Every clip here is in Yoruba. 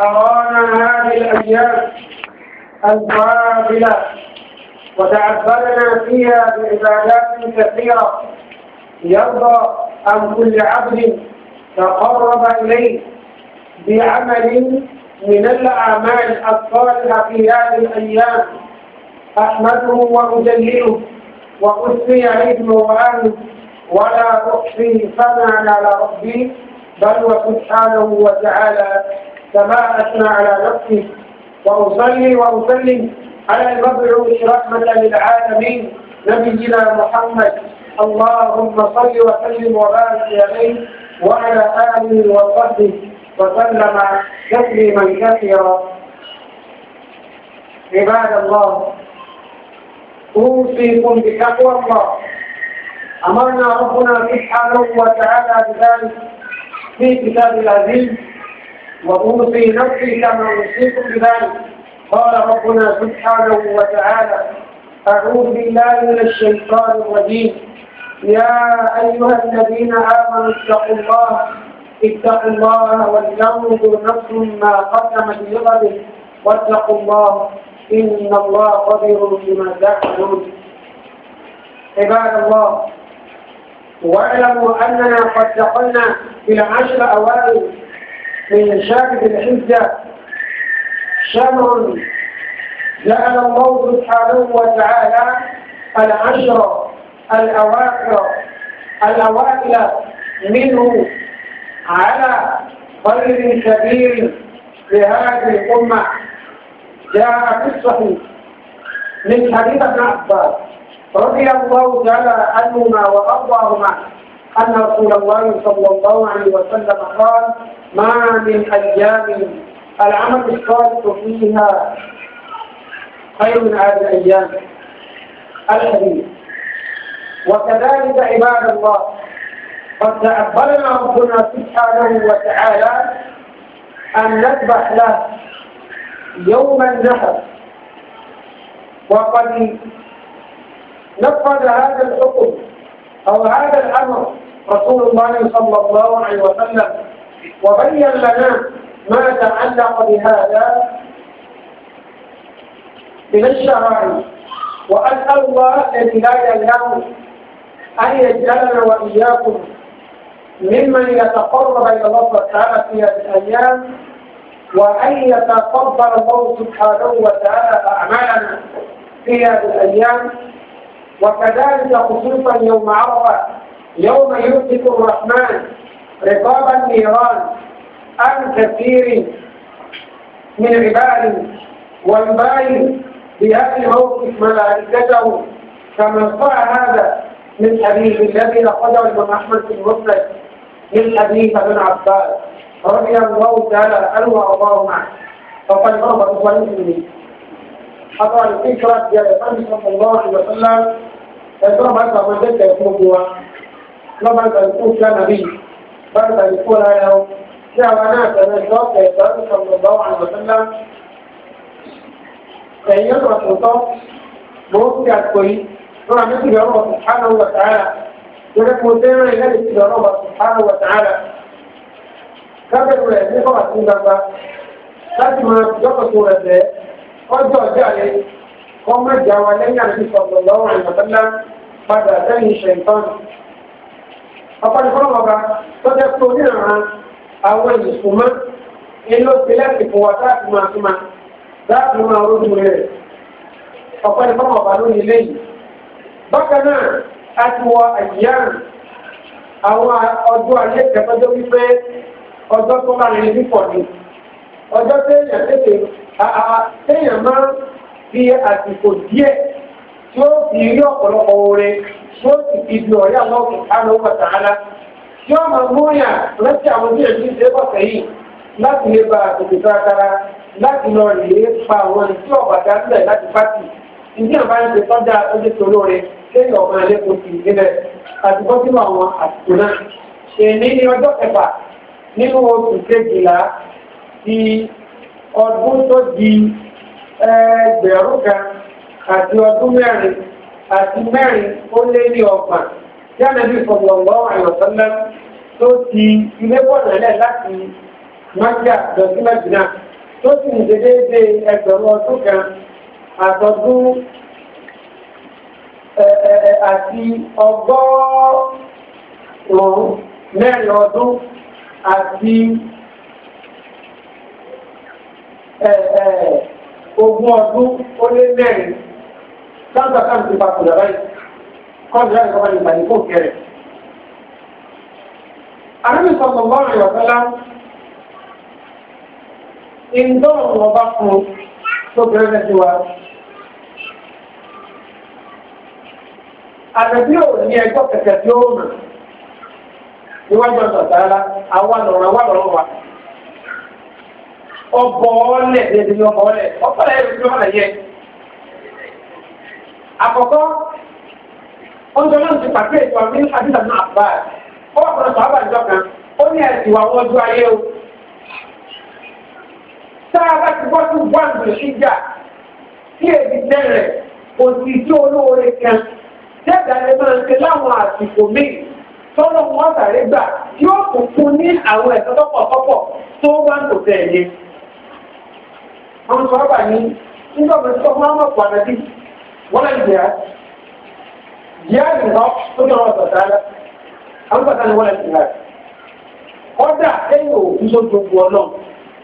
أرانا هذه الأيام القابلة وتعبدنا فيها بعبادات كثيرة يرضى عن كل عبد تقرب إليه بعمل من الأعمال الصالحة في هذه الأيام أحمده وأجلله وأثني عليه وأهله ولا أحصي ثناء على ربي بل وسبحانه وتعالى كما أثنى على نفسي وأصلي وأسلم على المبعوث رحمة للعالمين نبينا محمد اللهم صل وسلم وبارك عليه وعلى آله وصحبه وسلم تسليما كثيرا عباد الله أوصيكم بتقوى الله أمرنا ربنا سبحانه وتعالى بذلك في كتاب العزيز وأوصي نفسي كما أوصيكم بذلك قال ربنا سبحانه وتعالى أعوذ بالله من الشيطان الرجيم يا أيها الذين آمنوا اتقوا الله اتقوا الله ولتنظر نفس ما قدمت لغد واتقوا الله إن الله قدير بما تعملون عباد الله واعلموا أننا قد دخلنا في العشر أوائل من شابك الحجة شمر جعل الله سبحانه وتعالى العشر الأواخر الأوائل منه على قدر كبير لهذه الأمة جاء في الصحيح من حديث ابن عباس رضي الله تعالى عنهما وأرضاهما أن رسول الله صلى الله عليه وسلم قال ما من أيام العمل الصالح فيها خير من هذه الأيام الحديث وكذلك عباد الله قد تأقبلنا ربنا سبحانه وتعالى أن نذبح له يوم النحر وقد نفذ هذا الحكم أو هذا الأمر رسول الله صلى الله عليه وسلم وبين لنا ما تعلق بهذا من الشرائع وأسأل الله الذي لا يلام أن يجعلنا وإياكم ممن يتقرب إلى الله تعالى في هذه الأيام وأن يتقبل الله سبحانه وتعالى أعمالنا في هذه الأيام وكذلك خصوصا يوم عرفة يوم يمسك الرحمن رقاب النيران عن كثير من عباد وانباء بهذا الموقف ملائكته كما صح هذا من حديث الذي أخرجه الإمام أحمد بن مسلم من حديث ابن عباس رضي الله تعالى عنه وأرضاه معه فقد مرض المسلمين حضر الفكرة يا صلى الله عليه وسلم يضرب هذا من ذكر يطلبها lọ́ba gbàgbọ́ fún ànàbí bá gbàgbọ́ fún ara wọn tí àwa náà tẹ̀lé lọ́ọ̀kẹ́ ìgbàlú sọ̀rọ̀ àlọ́sọ́lá ẹ̀yìn ọ̀nà tòótọ́ mò ń fi àpò yìí lọ́wọ́ àmì ìgbà ọ̀rọ̀ sùhánà wà tààrà lọ́wọ́ kò tẹ́rẹ̀ ìlẹ́lẹ̀ ìgbà ọ̀rọ̀ sùhánà wà tààrà lábẹ́rù rẹ̀ ní kọ́wà sí gbangba láti máa jọ́kọ̀tò rẹ̀ bẹ́ẹ̀ ọjọ́ ọjọ́ rẹ̀ ọ̀pọ̀ni fọlọ́mọ ọba tó jẹ́ pé oníranran àwọn ìsúnmọ́ ilé ìpínlẹ̀ fún wa láti máa tún máa láti máa rójú rẹ̀ ọ̀pọ̀ni fọlọ́mọ ọba lórí ilé yìí. bákan náà a ti wọ àyíyàn àwọn ọjọ́ ayé ìtẹ́fẹ́jọ́ wípé ọjọ́ tó bá rìn pípọ̀ ni ọjọ́ téèyàn tètè téèyàn máa fi àsìkò díẹ̀. tí ó fi rí ọ̀pọ̀lọpọ̀ oore tí ó ti fi di ọ̀rẹ́ àwọn òkùnkánú bàtà ńlá tí ó máa múyà lọ́sí àwọn tí èyí ṣe yìí láti lè ba àtòkè láti lọ rèé pa àwọn ọ̀bàdà sílẹ̀ láti ìdí àbá sọ́jà ojú tòló rẹ̀ ọ̀gbọ́n sí àti bọ́ sínú àwọn àsìkò náà. ọjọ́ di ẹgbẹ̀rún kan àti ọdún mẹ́rin àti mẹ́rin ó lé ní ọgbà yánàbí sọ̀gbọ̀ngbọ̀ àyọ̀sọ́lá tó ti ilé pọ̀nàlẹ̀ láti májà lọ sí mẹ́jìnà tó sì ń ṣe déédéé ẹgbẹ̀rún ọdún kan àtọ́dún àti ọgọ́rùn-ún mẹ́rin ọdún àti ogún ọdún ó lé mẹ́rin láǹtà káàkiri bá kùnà báyìí kọ́ọ̀dù láti kọ́ba a ìgbàlè fún òkè rẹ̀. àrùn ìsọ̀tọ̀ bọ́ọ̀rù ìwọ̀sọ́lá ìdọ́rùn ọba fún tó bẹ̀rẹ̀ rẹ̀ sí wa. àtẹ̀bí ò ní ẹjọ́ kẹ̀kẹ́ tí ó mọ̀ níwájú ọ̀sán sára àwa lọ̀rọ̀ O lọ̀rọ̀ wa ọbọ̀ ọ̀lẹ̀ O ọbọ̀ ọ̀lẹ̀ ọ̀pọ̀lẹ̀ ẹ̀dẹ̀ ọ̀lẹ̀ yẹ àkọ́kọ́ ọjọ́ náà ti pàṣẹ ìwà ní àdìsá náà bá a ó wà pọ̀nà sọ̀rọ̀ àbájọ kan ó ní ẹ̀sìn ìwà wọn ojú ayé o tá a bá ti bọ́ sí wàǹdù ìjà tí èdè tẹ́rẹ̀ kò sì tí olóore kan dẹ́gbà lè máa ń ṣe láwọn àsìkò míì tọ́lọ́ wọn sàré gbà yóò tún fún ní àwọn ẹ̀sọ́ tọ́pọ̀tọ́pọ̀ tó bá ń kò tẹ̀ ẹ̀yẹ. àwọn sọ̀rọ̀ bá ní nígbà ولا الجهاد جهاد الحق سبحانه وتعالى أو مثلا ولا الجهاد kọ́dà ẹ̀yìn òbí tó gbogbo ọlọ́run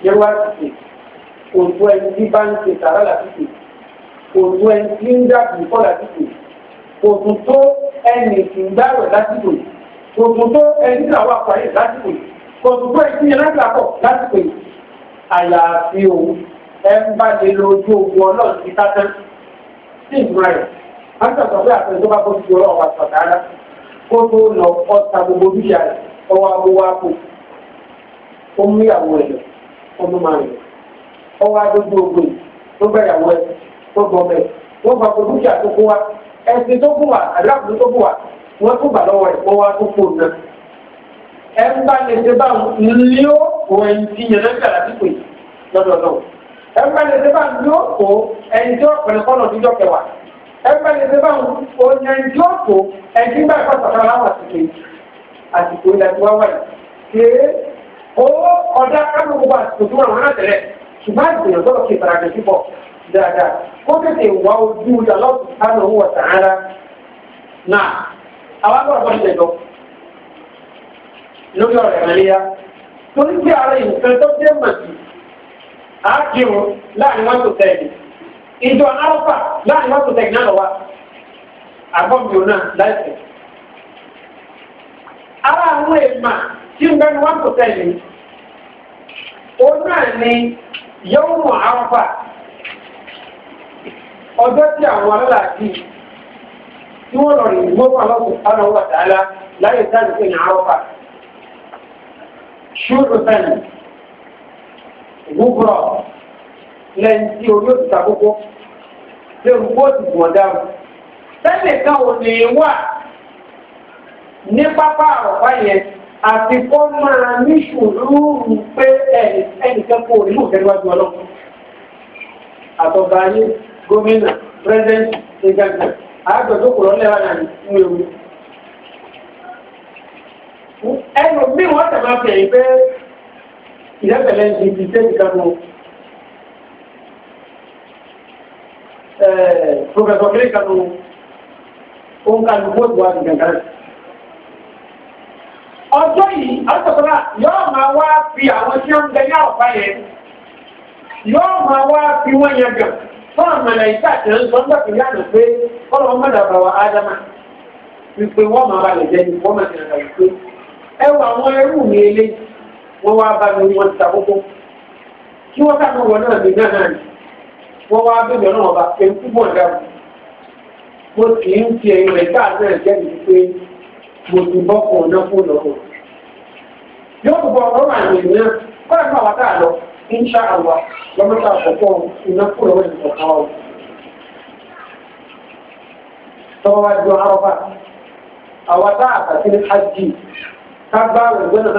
yẹwà títì òtún ẹni tí bá ń ṣe tààrà làtìtì òtún ẹni tí ń dàbí kọ́ làtìtì òtún tó ẹni tí ń gbàwẹ̀ lásìkò yìí òtún tó ẹni tí àwọn àpáyé lásìkò yìí òtún tó ẹni tí yẹn láti àpọ̀ lásìkò yìí àyàfi òun ẹ ń bá lè lo ojú ogun ọlọ́run ti tá tán sí ìmọ̀ rẹ̀ látàtà bí àpẹẹrẹ tó bá bọ́ sí ọlọ́run wa sọ̀tàrà kó tó lọ ọta gbogbo dúkìá rẹ̀ ọwọ́ abówó àpò ó mú ìyàwó rẹ̀ ọmọ máa rẹ̀ ọwọ́ adójú ogun tó bẹ̀rẹ̀ àwọ̀ ẹ̀ tó gbọ́ bẹ̀ wọ́n gba gbogbo dúkìá tó kó wa ẹ̀sìn tó kó wa àdúrà tó kó wa wọ́n tó bà lọ́wọ́ rẹ̀ wọ́n wá tó kó náà ẹ̀ ń bá lè ṣe báwọn ní ó òun ti yẹn lẹ́gbẹ̀rẹ̀ àdìpọ̀ lọ́dọọdọ́ ẹgbẹ́ lè ṣe bá ń lò ó ẹni tí ó pẹ̀lú kọ́nà òdíjọ́ kẹwàá ẹgbẹ́ lè ṣe bá ń o ẹni tí ó tó ẹni tí bá ẹ̀kọ́ sọ̀rọ̀ láwọn àsìkò àsìkò ilẹ̀ tí wọ́n wáyé ṣe é ó ọjà kánú gbogbo àsìkò tí wọ́n wọ́n náà tẹ̀lẹ̀ ṣùgbọ́n àgbèyàn gbọ́dọ̀ kí ìfarajọ síbọ̀ dáadáa kó tètè wá ojú ìdálọ́ọ̀tù kánú owó ọ̀sán ara náà àwọn agbọ́dọ̀ bọ́ ṣẹ̀dọ̀ lórí ọ̀rẹ́ àríyá torí pé ara ìǹkan tó dé àákìrún láàrin one to ten ìjọ alfa láàrin one na ten náà náà láìpẹ́. ara àwọn èèmà tí ń bẹnu ni yóò mọ̀ alfa ọjọ́ tí àwọn alálàájì tí wọ́n lọ rìn gbogbo láyé sáà ní ìwúkúrọ̀ lẹ́yìn tí orí òtútà kókó lè rú bóòtù gbọ̀n dáhùn. sẹ́lẹ̀ kan ò lè wà ní pápá àrọ̀pá yẹn àti kó máa ní sùúrù pé ẹnìkan kò rí òkè níwájú ọlọ́run. àtọ̀gbà ayé gómìnà pírẹ́sẹ̀ntì ìgbàgbà àgbẹ̀dókòrò ọ̀lẹ́wà náà ń wéwu. ẹnu mi wọ́n tẹ̀ máa fẹ̀yìn pé. ìyá pẹ̀lẹ́ ń di ti sẹ́ẹ̀dì kanu pòfẹ́sọ̀ kiri kanu ó wa ọjọ́ yìí yóò máa wá fi àwọn tí wọ́n ń bẹ ní àwọ̀fá yẹn yóò máa wá fi wọ́n yẹn gàn fún àmàlà ìta àti ẹ̀ńsọ́ ń gbàgbé yàtọ̀ pé ọlọ́run mọ̀dà bàwà ádámà wípé wọ́n máa balẹ̀ jẹ́ wọ́n wá bá mi wọ́n ti sàkókò kí wọ́n sàkókò wọn náà mi náà ní wọ́n wá bẹ̀rẹ̀ ọ̀nà ọba pẹ̀lú púpọ̀ dáàbò mo sì ń fi ẹ̀yìn rẹ̀ gbà náà jẹ́ mi pé mo ti bọ́ fún lọ́wọ́ yóò ọ̀rọ̀ àmì lọ àkọ́kọ́ iná fún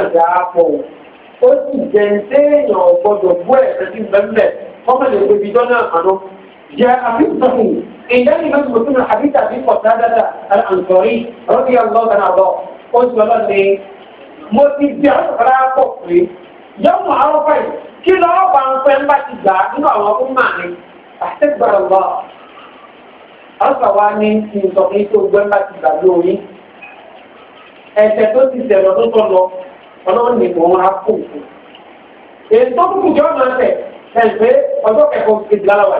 lọ́wọ́ ó sì jẹ́ déèyàn gbọ́dọ̀ bú ẹ̀rẹ́ sí mẹ́mẹ́ ọmọ lè gbé bidọ́ náà àná. يا أبي الصحيح إنني من مسلم الحديث أبي قتادة الأنصاري رضي الله عنه أرضاه قلت له لي mo ti di àtúntàrà pọ̀ pé yọ̀mù àrọ́fẹ́ yìí kí lọ́wọ́ bá ń fẹ́ ń bá ti gbà nínú àwọn ọkùnrin máa ní àtẹ́gbàrọ̀ lọ. ọ̀sà wa ní kí n sọ fún yín tó gbẹ́ ń bá ti gbà lórí. ẹ̀sẹ̀ tó ti sẹ̀rọ̀ tó tọ̀ lọ ọlọ́run ni mò ń ra kó òkú. ètò kúkú jọ máa ń tẹ̀ ẹ̀ pé ọjọ́ kẹfọ́ kejì láwà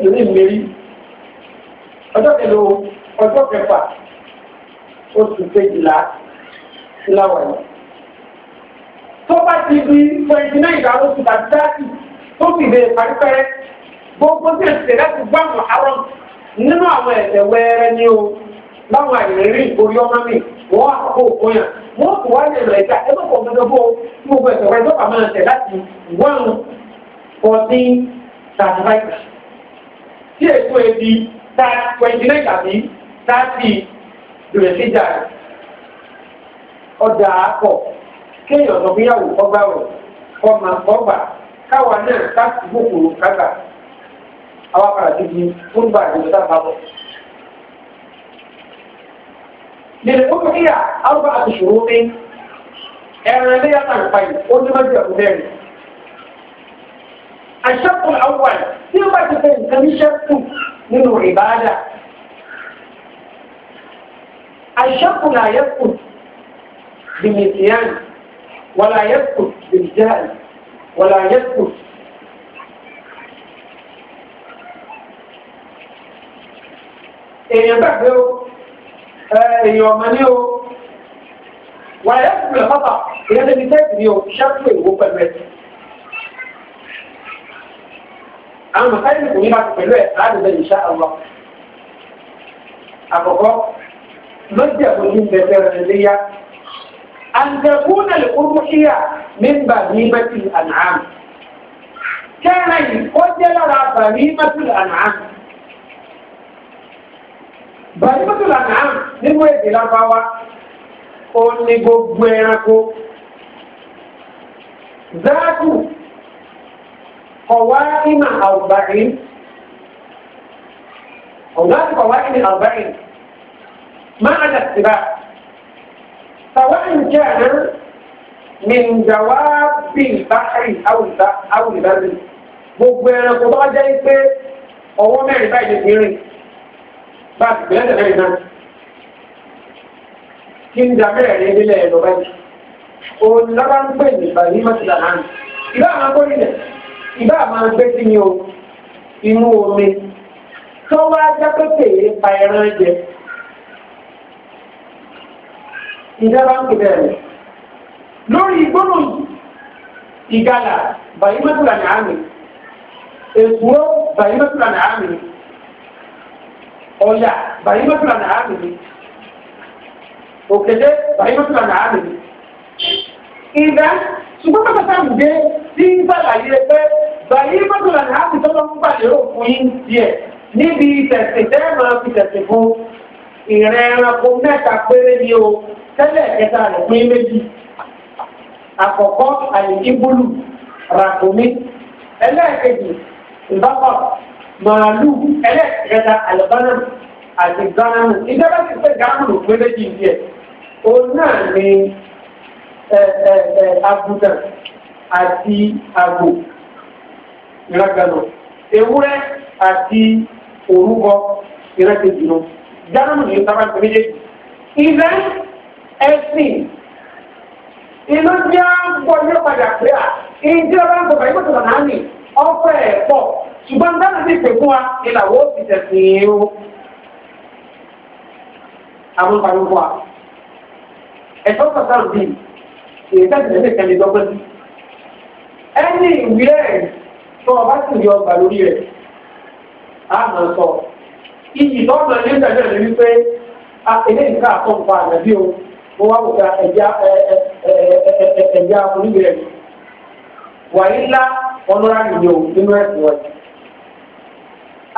yìí lórí ìmẹ̀rí ọjọ́ kẹlò ọjọ́ kẹfà oṣù kejìlá láwà yìí. tó bá ti di twenty nine ìdáwó oṣù tàbí thirty tó sì lè parí pẹ́rẹ́ gbogbo tí ẹ̀ ṣe láti gbọ́ àwọn arọ́n nínú àwọn ẹ̀ṣẹ̀ wẹ́ẹ́rẹ́ ní o láwọn àìrírí orí ọmọ mi wọ́n wà kó fún yàn wọ́n kò wá lè rẹ̀ ká ẹ má pọ̀ one fourteen thirty five tí èso twenty nine tàbí thirty bẹ̀rẹ̀ sí jà ọ̀dà àpọ̀ kéèyàn lọ bí yàwó ọgbà rẹ̀ ọmọ ọgbà káwa náà ká gbókòrò kága àwọn àkàrà tuntun fún gbàdúrà sábà bọ̀. للأضحية أربعة شروط إعلانية طرفين وتمدد ذلك الشرط الأول لما تكون كم شرط منه عبادة الشرط لا يسقط بالنسيان ولا يسقط بالجهل ولا يسقط èèyàn gbàgbé آه يومانيو ويأكل خطأ إلى النتاج يوم شكل وفر مات أنا مخالي لكم الوقت عادة إن شاء الله أبقى مجد أبنين بسيرة الليا أن تكون الأرمحية من بهيمة الأنعام كان يقدر على بهيمة الأنعام bàtúmọ̀tò lànà nínú èdè lábáwá ó ní gbogbo ẹranko záàtù ọ̀wá ìmà àwùbáyé ọ̀wá ìkọ̀wá ìmà àwùbáyé máa nà síbà sàwọn ìjẹ́ àná min jawaabi báyìí àwùjá àwùjá gbogbo ẹranko bá jẹ́ pé ọwọ́ mẹ́rin báyìí ní bá a ti bẹ̀rẹ̀ tẹ̀lé iná kí n da mẹ́rẹ̀ẹ́rẹ́ nílẹ̀ ẹ̀ lọ́ba yìí òun lábá ń pè ní ìbàdí mọ́tìlá náà ìbá àwọn akórílẹ̀ ìbá àwọn agbé sí ni o inú omi tó wá jápé tèé pa ẹran jẹ ìjábá ń pè bẹ́ẹ̀ lórí gbóná ìgalà bàyí mọ́tìlá náà mi èkúrò bàyí mọ́tìlá náà mi ọ̀yà bàyí mọ́tìlá nàá mi ni òkèlè bàyí mọ́tìlá nàá mi ni. ìdá ṣùgbọ́n bàbá sáà gbé sí sàlàyé pé bàyí mọ́tìlá nàá mi tọ́lọ́ ń gbàdé òfin yín díẹ̀ níbi tẹ̀sìn tẹ́ẹ̀mọ́ fi tẹ̀sìn fún ìrìn ẹranko mẹ́ta péré ni o tẹ́lẹ̀ kẹta rẹ̀ pín méjì àkọ́kọ́ àyè ìbúlù ràkúnmí ẹlẹ́ẹ̀kejì ìbáfà màálù ẹlẹ́ẹ̀kẹta alibana àti gánàmù ìjọba ti pé gánàmù pé méjì díẹ̀ òun náà ni àgùntàn àti àgbò ìragànà ewúrẹ́ àti òrúbọ ìrẹsìdì nù gánàmù ní sábà pé méjèèjì ìlẹ ẹsìn iná jẹ́ gbọ́dọ̀ padà pé à ìjọba ń sọ̀rọ̀ ìgbésọ̀rọ̀ náà nì ọ̀pẹ̀ pọ̀ ṣùgbọ́n dáná ti pè fún wa ìlàwọ́ ti tẹ̀sìn o àwọn a wa ẹ̀tọ́ pàtàkì bíi èyí tẹ̀sìn lẹ́sẹ̀ kẹ́lẹ́ dọ́gbọ́n sí ẹni ìwé ẹ̀ tó ọba sì yọ ọgbà lórí rẹ̀ á máa sọ iyì lọ́nà ní ìdájọ́ rẹ̀ wípé ilé ìka àtọ̀npa àgbàdì o mo wá wòta ẹ̀já ẹ̀já oníbẹ̀rẹ̀ wàyí ńlá ọlọ́run àgbèjọ nínú ẹ̀sìn wọ̀nyí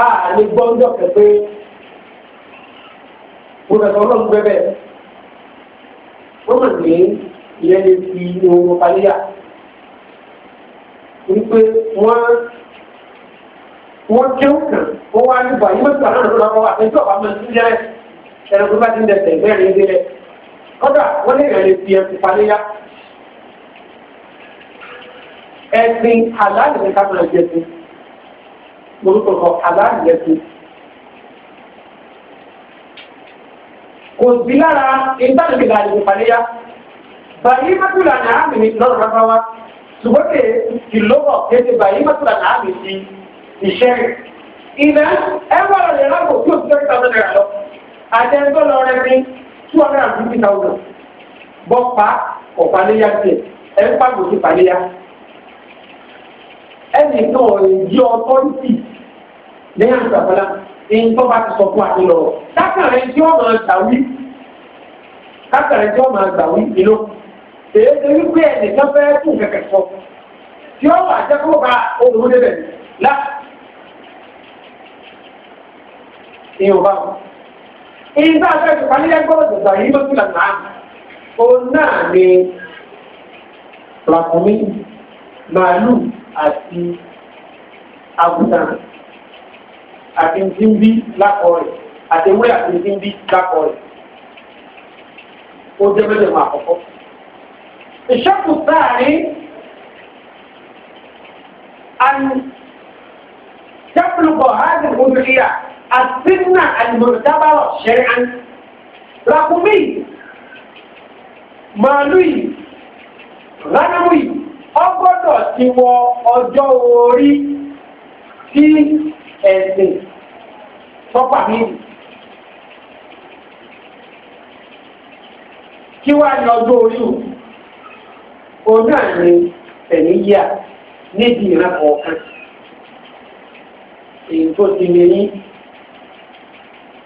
àlè gbọ́njọ́ kẹfẹ́ olùdókòwò ọlọ́run bẹ́bẹ̀ wọ́n mọ̀ pé ìyẹn lè fi ohun paníyà wípé wọ́n wọ́n kéwù kàn wọ́n wá nípa yìí mọ̀tò àwọn ọ̀dọ́ lọ́wọ́ àtẹ̀jọ́ àwọn ọmọ ìlú yẹn ẹ̀rọ tó bá ti ń dẹ̀sẹ̀ ìgbẹ́rin délẹ̀ kọ́dà wọ́n lè rẹ̀ fi ẹ̀sìn paníyà ẹ̀sìn àlàyé ní máa jẹ sí orúkọ sọ aláàjẹ tó. kò sí lára ìtàlùkì láàyè ìpàdéyà bàyí mẹ́tìlá ní àmì ní lọ́rọ̀ rábáwá ṣùgbọ́n kè ìlọ́wọ̀ kéde bàyí mẹ́tìlá ní àmì ti ìṣẹ́ ilẹ̀ ẹgbẹ́ rẹ̀ lè rábò tí o ti tẹ́tí tàbí náírà lọ àti ẹgbẹ́ lọ rẹ̀ ní two hundred and fifty thousand bọ́ pa ọ̀pàdéyà tiẹ̀ ẹ̀ ń pàgò sí pàdéyà ẹnì kan ò yí ọtọ́ sí lẹ́yìn àtàkọ́lá ẹni tó bá ti sọ fún àti lọ kákàrẹ́ tí ó máa gbàwí kákàrẹ́ tí ó máa gbàwí ìlú èyí ti rí pé ẹnìkan fẹ́ fún kẹ̀kẹ́ sọ tí ó wà jẹ́ kó bá olùwó débẹ̀ lá ìyẹn ò bá wọn. ìyẹn bá a fẹ́ fi parí ẹgbọ́n ìgbà yìí ló tún lànà àná òun náà ni ràkùnmí màálù àti àgùntàn àti ti ń bí lákọ rẹ̀ àti ewé àti ti ń bí lákọ rẹ̀ ó jẹ́ mẹ́lẹ̀mọ́ àkọ́kọ́. ìṣẹ́kù sáàrin àni tẹ́pùlùbọ̀ hádì olùyà àtìnà àlùmọ̀tàbáwọ̀ ṣẹ́rán ràkúmí màálù yìí lánàmù yìí ọgbọ́dọ̀ ti ọjọ́ orí tí ẹ̀sìn tọ́pà mi. kí wá ní ọjọ́ orí o òun náà ní ẹ̀mí yíyà níbi ìran kọ̀ọ̀kan èyí tó ti lè ní.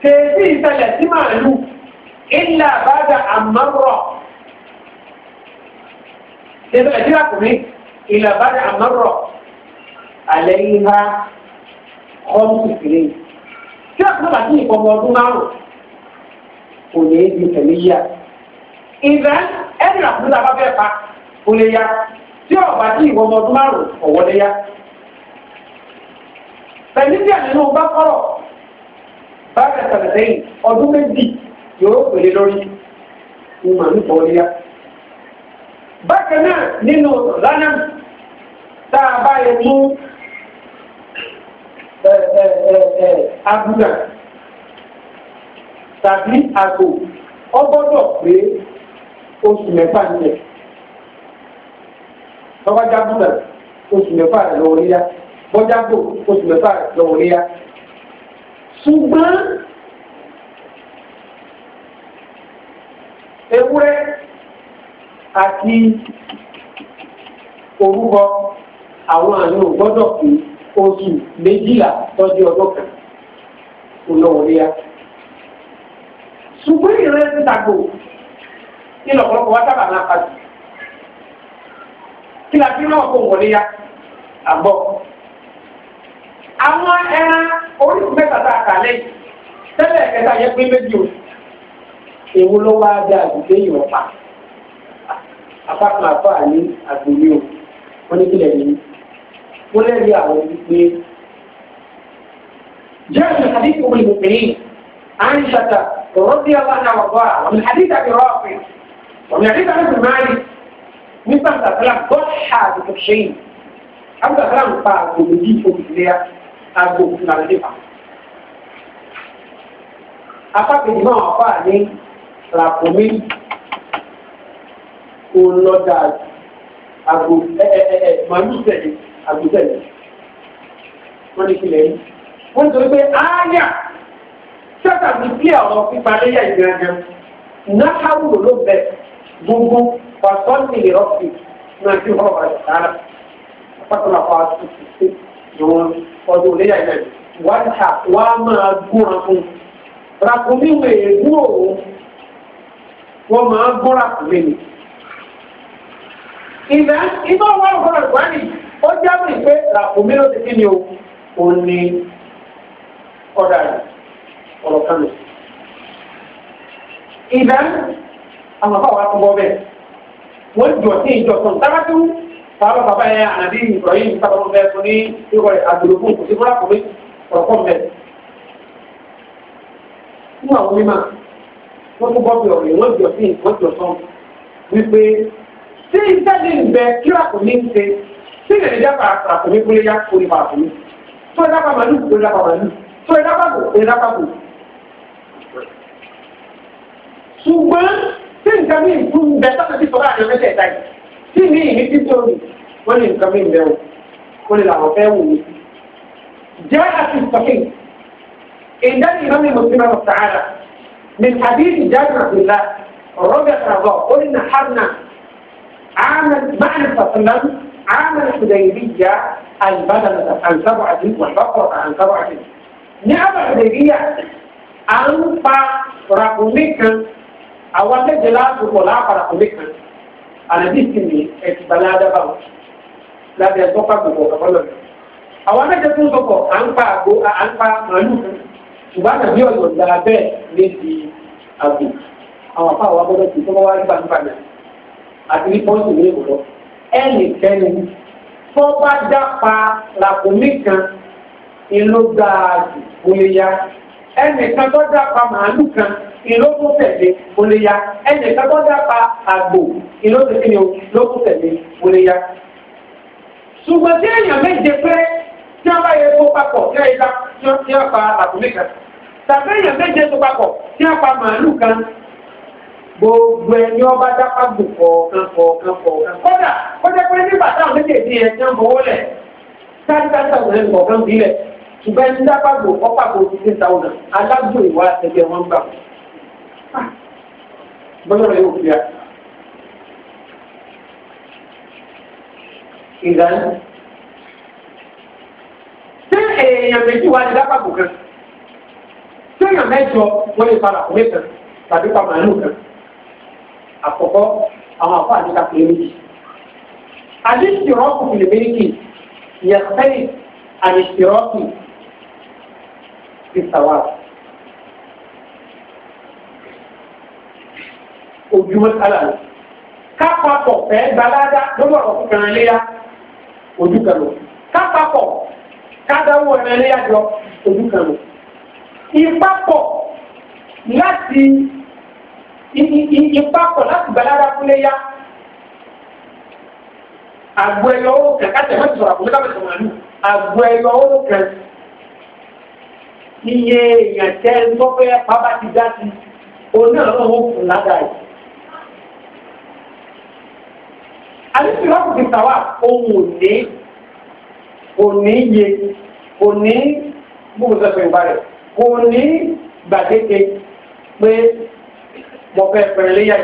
tèèsì ìṣẹ̀lẹ̀ sí màálù ìlà àbájá àmọ́rọ̀ tèèsì ìṣẹ̀lẹ̀ sí màálù àbájá àmọ́rọ̀ àlẹ́ yìí ọdún kékeré tí a kọ́ bàtí ìfọmọ ọdún márùn kò lè di tẹ̀lé yíyá ìfẹ́ ẹni àbúrò ya ọdún márùn ọ̀wọ́ ya àná ọdún méjì yóò pèlè lórí ìmọ̀ nípa bákan nínú tá a bá yẹ agúdà tàbí àgbò ó gbọ́dọ̀ pé oṣù mẹ́fà nílẹ̀ tọ́wájú agúdà oṣù mẹ́fà lọ́wọ́ níyà bọ́jágbò oṣù mẹ́fà lọ́wọ́ níyà ṣùgbọ́n ewúrẹ́ àti orúkọ àwọn àna ò gbọ́dọ̀ pé oṣù méjìlá tọ́jú ọdún kan kò lọ wọlé ya. ṣùgbọ́n ìrẹsì dàgbò kí lọ́pọ̀lọpọ̀ wá sábà náà pàdé kí la fi náà kó wọlé ya àgbọ̀. àwọn ẹran orísun mẹ́ta tá a kà lẹ́yìn tẹ́lẹ̀ ẹ̀kẹta yẹ pé méjì o èwo ló wá dé àgùdé ìwọ̀n pa apá kan àfọ àní àgbèlè o wọ́n ní kílẹ̀ nìyí. ولا يا ولدي جاء من حديث أم المؤمنين عائشة رضي الله عنها وارضاها ومن حديث أبي رافع ومن حديث أنس بن مالك من بعد أسلام ضحى بكبشين أبو أسلام قال بمجيء بكبشين أبو بن الخفة أفاق الإمام أفاني رقمي ولدى أبو مانوسة àbújá yìí wọ́n ní kílẹ̀ yìí wọ́n sọ pé ááyà sọ́kà mi bí ọ̀rọ̀ pípa léyà ìgbìyànjú náhàwù ló bẹ gbogbo pàtọ́ọ̀nì ìrọ́pì náà ti hàn wà sára pàtàkì àwọn àtúntò ìwọ̀n ọdún léyà ìgbìyànjú wọ́n ta wá máa gbóra fún ràkúnmí wèégbó òun wọ́n máa gbóra fún mi. ìgbà ìgbà wà ọ̀rọ̀ ìwádìí ó jábìrì pé làkùnmí ló ti kí ni o ò ní ọ̀dà ọ̀rọ̀ kan lò. ìdá àwọn afáwọn àtúbọ̀ bẹ́ẹ̀ wọ́n jọ sí ìjọsìn tábàtú fàárọ̀ bàbá yẹn ànàbí Ibrahim sábà wọn bẹ́ẹ̀ fún ní ìwọ̀ àgbèrò fún kò sí fún làkùnmí ọ̀rọ̀ kan bẹ́ẹ̀. fún àwọn mímọ́ wọ́n tún bọ́ bí ọ̀rẹ́ wọ́n jọ sí ìjọsìn wípé tí ìtẹ́lẹ̀ ń bẹ kíláàkù ní ń ṣe tí èdè dábà àtàkùnrin kúlé yá kó nípa àkùnrin tó ẹ dábà màlúù kó dábà màlúù tó ẹ dábà bò ẹ dábà bò. ṣùgbọ́n tí nǹkan mi ìlú ń bẹ sọ́kè tí sọ́kè àjọ mẹ́tẹ̀ ẹ̀ta yìí tí mi ìní tí tó mi wọ́n ní nǹkan mi ń bẹ o kó lè làwọn fẹ́ wò ó. jẹ́ àti sọ́kè ìdáni ìmọ̀ mi mùsùlùmí ọ̀rọ̀ sàárà mi àbí ìjáde àbúlá ọ̀rọ̀ bẹ̀ sàrọ̀ ó ní nà عام الحديبية البلد عن سبعة والبقرة عن سبعة نعم الحديبية أنفع رقمك أو تجلى بطلاق رقمك أنا بسمي إتبلاد بوت لا بيزوقا بوكا بلد àwọn akẹ́kẹ́ tó ń sọ̀kọ̀ à ń pa àgbo à ń pa màálù ṣùgbọ́n àtàbí ọ̀yọ̀ ìdára bẹ́ẹ̀ lè di àgbo àwọn afáwọn agbọ́dọ̀ tó tọ́wọ́ wá nípa nípa náà àti ẹnìkẹ́ni tó bá dápa làkúnmí kan ìlú gbàgbé òyìnbá ẹnìkan tó dápa màálù kan ìlú tó tẹ̀lé òyìnbá ẹnìkan tó dápa àgbò ìlú tó tẹ̀lé ló tó tẹ̀lé òyìnbá. ṣùgbọ́n tí èèyàn méje pé tí wọ́n bá yẹ kó papọ̀ tí wọ́n yẹ kó pa làkúnmí kan tàbí èèyàn méje tó papọ̀ tí wọ́n pa màálù kan gbogbo ẹni ọba dápàgbò kọ̀ọ̀kan kọ̀ọ̀kan kọ̀ọ̀kan kódà ó jẹ́ pé nígbà táwọn méjèèjì yẹn ti ń bọ̀wọ́ lẹ̀ thirty thirty thousand ẹni kọ̀ọ̀kan sílẹ̀ ṣùgbọ́n ẹni dápàgbò ọ̀pàgbò fifteen thousand alágbò ìwà ẹgbẹ́ wọn gbà. Ah! bọ́lá rẹ̀ yóò fi à. ìdáná ṣé èèyàn méjì wá ní dápàgbò kan ṣé èèyàn mẹ́jọ wọ́n lè padà kó mẹ́ta tàbí pa màálù kan àkọ́kọ́ àwọn àfọ àdìka pé méjì. àdìsí rọ́ọ̀kù fìlìmẹ́rìkì yẹ̀fẹ́rì àdìsí rọ́ọ̀kù ìsàwà. ojúmọ́ kálá ni kápapọ̀ fẹ́ gbalada lórí ọ̀rọ̀ kan léya ojú kan lò kápapọ̀ kádàwọ̀ ẹ̀rẹ́ léya jọ ojú kan lò ìpapọ̀ láti ipa pọ̀ láti gbàlára kúlé yá àgbo ẹyọ owó kan káṣẹ mẹ́tò sọ̀rọ̀ àkùnrin káfẹ́ sọ̀rọ̀ àlù àgbo ẹyọ owó kan iye èèyàn tẹ́ tọ́pẹ́ pápá ti dá sí oní ọ̀rọ̀ owó kù ládàá yìí. àdìsí lọ́kùn ti tàwa ohun òní yẹ òní gbogbo sọ̀rọ̀ ìbá rẹ̀ òní gbàdéke pé mo fẹ́ pẹ̀rẹ̀ léyà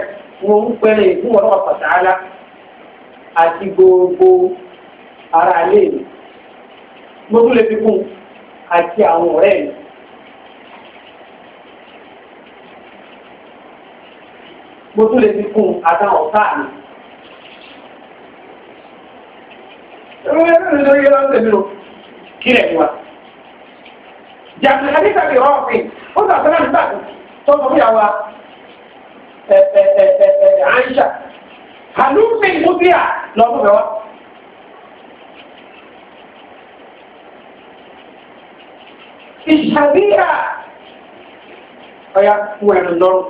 wọn ń pẹ̀rẹ̀ fún wọn náà pàtàkì àti gbogbo ara ilé mi mo tún lè fi kún àti àwọn ọ̀rẹ́ mi. mo tún lè fi kún àtàwọn ọ̀tá mi. Kílẹ̀ wa. Jàpùlẹ̀ Adékàbí Rọ́ọ̀fin, ó sàbẹ̀rẹ̀ nígbà tó sọ fún ìyàwó àyíṣà àlùmí ìmúdíà lọ́mú rẹ̀ wá. ìṣàbíyà ọ̀yà kú ẹnu lọ́rùn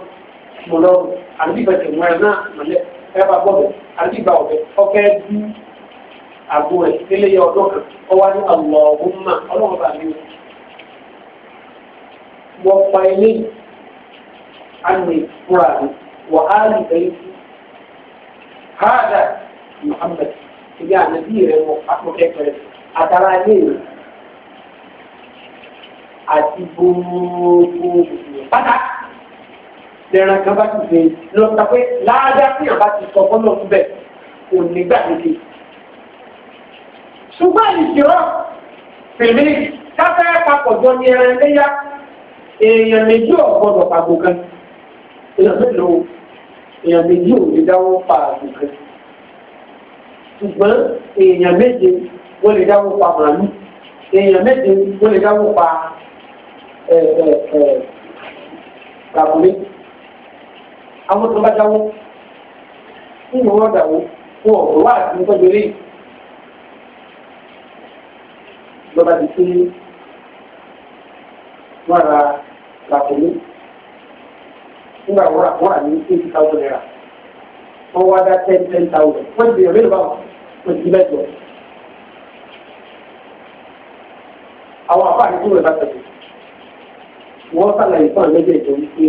mo lọ́rùn àbí bẹ̀tẹ̀ mọ ẹ̀ náà mọ̀lẹ́ ẹ bá bọ̀ bẹ̀ àbí bá ọ̀bẹ ọ̀kẹ́ dú àgbo ẹ̀ eléyà ọdún kan ọwọ́ ní àlọ́ọ̀húnmá ọlọ́run bá mi وآل بيته هذا محمد يا نبي محمد أكبر أتراني àti gbogbo pátá lẹ́ran kan bá ti ṣe lọ sọ pé láàdá tí àbá ti sọ fọ́nà síbẹ̀ kò ní gbàgede. ṣùgbọ́n ìṣirọ́ fèmí káfẹ́ papọ̀ jọ ní ẹran ẹlẹ́yà èèyàn méjì ọ̀gbọ́dọ̀ pàgò kan èèyàn mélòó èèyàn méjì ò lè dáwọ́ pa àgùnkàn ṣùgbọ́n èèyàn méje wọ́n lè dáwọ́ pa màálù èèyàn méje wọ́n lè dáwọ́ pa kàkúlé àwọn tó bá dáwọ́ nínú wọn dàwọ́ wọn ò wá àti nítorí eré lọ́ba ti fi wọ́n ra kàkúlé nígbà wọ́n wọ́n wà ní eighty thousand naira wọ́n wá dá ten ten thousand wọ́n ti bèèrè mélòó báwọn wọ́n ti mẹ́jọ. àwọn àbá àti kúrò ìbátan yìí wọ́n sàlàyé fún àwọn méjèèjì wípé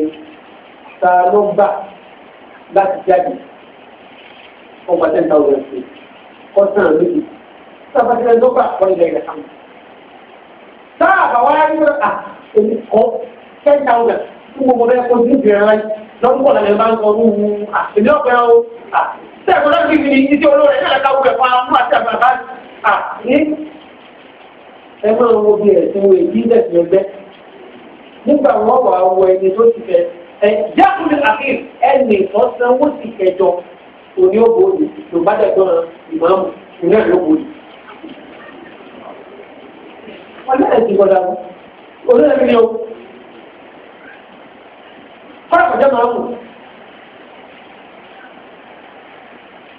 ta ló gbà láti jáde ọgbà ten thousand sí ọ̀sán méjì sábà tí wọ́n gbà wọ́n ilẹ̀ ìrẹsà. sáà bàwá yóò à èmi kọ́ ten thousand fún gbogbo bẹ́ẹ̀ kó dúdú rẹ̀ rẹ̀ lọ́pọ̀ lẹ́lẹ̀ bá ń sọ wúwu àtẹ̀lé ọ̀pẹ́ o sẹ́ẹ̀kọ́ náà fi ní iṣẹ́ olóore náà ká wúwẹ̀ fún amú àti àgbàbá ní. ẹ máa wo bí ẹ̀sìn wo èyí lẹ́sìn ẹgbẹ́ nígbà wọn wà wọ ẹni tó ti fẹ́ ẹ jákùnrin àfi ẹnì kan sanwó ti kẹjọ òní ó bòlì ló bá dẹ̀ gbọ́n ìmáàmù ìná ló bòlì. wọ́n ní ẹ̀sìn gbọ́dọ̀ olóòrè mi ni o kọ́lá kọjá máa mú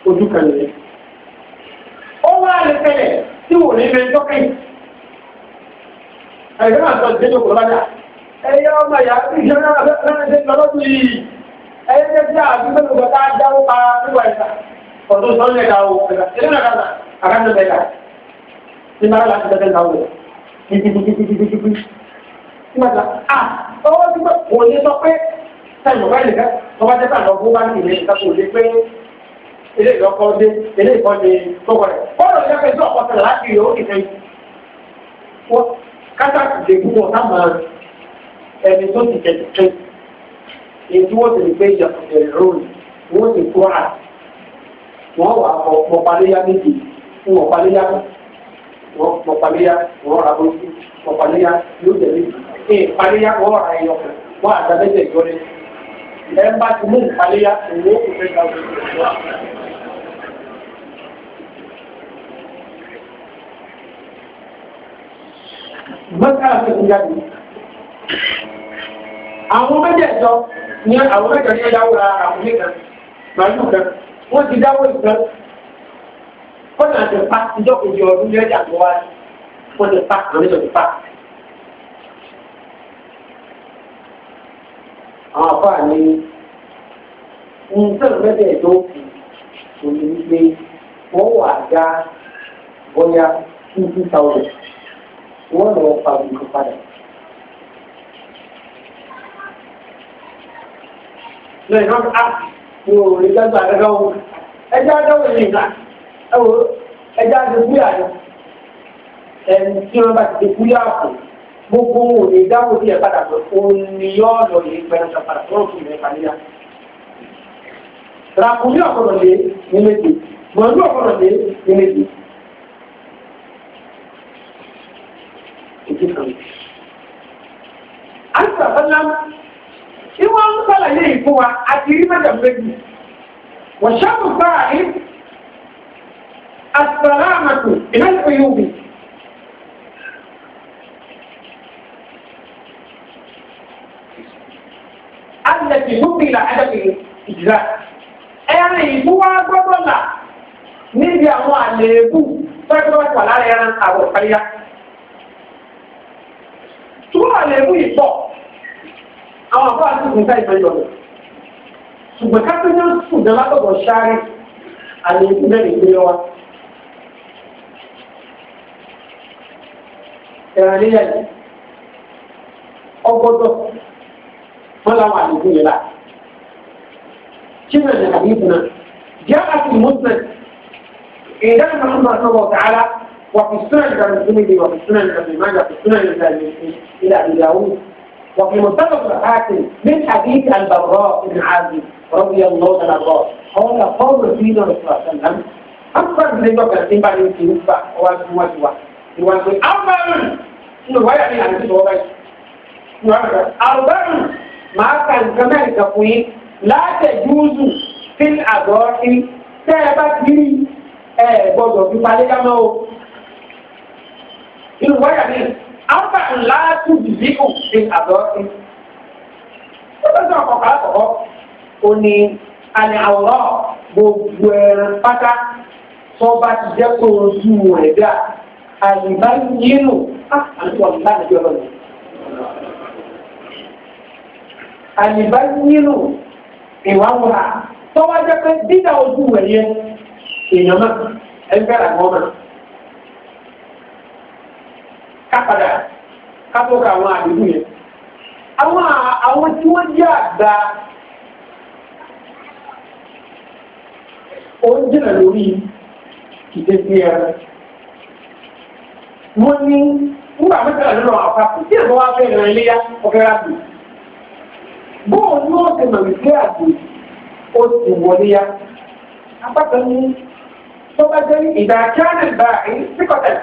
ojú kan nìyẹn ó wá lè fẹlẹ̀ tí wò ní ilé dọ́kẹ́yìn ẹ̀yọ́ náà sọ ìdíjọ́ kò lọ́jà ẹ̀yọ́ ọmọ ìyá ìṣẹ́ náà lọ́nà ṣe lọ́dún yìí ẹ̀yẹ́ jẹ́ bí àdúgbò gbogbo tá a dáwó pa nígbà ìta ọ̀dọ́ sọ́nà ẹ̀dá o ẹ̀dá náà kàtà àkàtà ẹ̀dá ní bá láti tẹ́tẹ́ náà wò títí títí títí títí títí títí títí títí títí títí títí títí títí títí sáyìn bàbá ìlẹ̀ká tọ́ba jẹ́ sáà lọ bó bá ní ìlẹ̀ ìtàkùn lé pé ilé ìlọ́kọ́ dé ilé ìkọ́ ni tọ́kọ rẹ̀ bọ́ọ̀lù ìyá pẹ̀lú ọ̀pọ̀ sẹ̀lẹ̀ láti ìyọ̀ òkè sẹ́yìn. wọ́n kátà lè gbúgbọ̀ sáàmà ẹni tó ti tẹ̀tẹ̀ èyí tí wọ́n ti lè gbé ìyàpọ̀tẹ̀ róòlù wọ́n ti tó à wọ́n wà mọ̀páléyà méjì mọ̀páléyà mọ̀páléyà wọ́n rà bó mọ̀páléyà yóò jẹ̀bi ìpáléyà wọ́n rà ẹ̀yọ̀kẹ̀ wọ́n àgbàdẹ́jẹ̀ ìjọ́rẹ́ ẹ bá ti mú ìkàlẹ́yà ìwé òkùnfẹ́ ga òkùnfẹ́. mọ́tàlá fẹ́ fún jáde. àwọn méjèèjọ ní àwọn méjèèjọ ní ẹ̀dáwó ra àwọn méjèèjọ màálù kan wọ́n ti dáwó ìkan kọ́nà àti pa ìjọkùnjẹ ọdún lẹ́jà tó wá wọ́n ti pa àwọn méjèèjọ ti pa. àwọn afáà ní nǹkan mẹ́tẹ̀ẹ̀ tó kù òní wípé wọ́n wà dá bóyá twenty thousand wọ́n lọ pa gbogbo padà. lẹ́yìn náà á ní òòrùn ìdájọ́ àdájọ́ wọn ẹjọ́ àdáwọ̀ yìí nà ẹ̀wọ̀ ẹjọ́ àdékúyà ẹni tí wọ́n bá ti dékúyà àpò gbogbo wọn ò lè dáwọ sí ẹ padà pé òun ni yóò lọ yìí pẹ̀lú ìjọba tó ń fi ìrìn kàníyà. ràkúnmí ọ̀pọ̀lọ̀ lé ní méjì mọ̀lú ọ̀pọ̀lọ̀ lé ní méjì. àìsàn àbálá ìwọ ń sàlàyé ìfún wa àti rí mẹ́jọ méjì wọ́n ṣàkóso àárín àtàlámàtò ìlànà ìyóbi. ti tó pìlà ẹ̀dẹ̀kì ìjìlá. ẹran ìbú wa gbọ́dọ̀ là níbi àwọn àléébù tọ́jú wà lára ẹran àwọ̀ ìpàdéyà. túbọ̀ àléébù yìí pọ̀ àwọn àbọ̀ àti ìgbìntà ìfẹ́jọ́ rẹ̀. ṣùgbọ́n kápẹ́ńtà ṣùgbọ́n látọ̀dọ̀ ṣáré àléébù mẹ́rin ìgbéyàwó wa. ẹran nílẹ̀ ọgbọ́dọ̀. wọ́n láwọn àdìgún yẹn láti. شبه حديثنا في المسند إن كان محمد رحمه الله تعالى وفي السنن الترمذي وفي السنن ابن ماجه وفي السنن الى ابي داوود وفي متفق الحاكم من حديث البراء بن عازب رضي الله عنه الله قال قول فينا صلى الله عليه وسلم أكبر من ذلك الذين بعد يمكن يدفع واجب هو يقول يعني؟ يعني أربع من رواية عن النبي صلى الله عليه أربع máa ka nǹkan mẹ́rin kan fún yín láti júùsù sí àgọ́ sí tẹ́ ẹ bá ti rí ẹ gbọ́dọ̀ fi palẹ́ dáná o. inú wáyà mi alfa ńlá tóbi sí òun sí àgọ́ sí. ó bá sọ ọkọ̀ kàá kọ̀kọ́ ó ní àlẹ́ àwòrán gbogbo ẹran pátá tọ́ba ti jẹ́ kó o ju rẹ̀ dá àyíká yínú àti wàlúùbá àti ọlọ́run. àyìnbá nílò ìwà dídá ojú rẹ̀ èèyàn náà ẹgbẹ́ rà wọ́n kápadà kátóka àwọn àdúgbò yẹn àwọn àwọn tí wọ́n jẹ́ àgbà oúnjẹ lórí ìdẹ́sí ẹran wọ́n ní nígbà nínú tí wá bóun ni wọ́n ti mọ̀ wípé àti ó ti wọlé ya apákan ní tó bá jẹ́ ìdá kíánì báyìí síkọ̀tẹ̀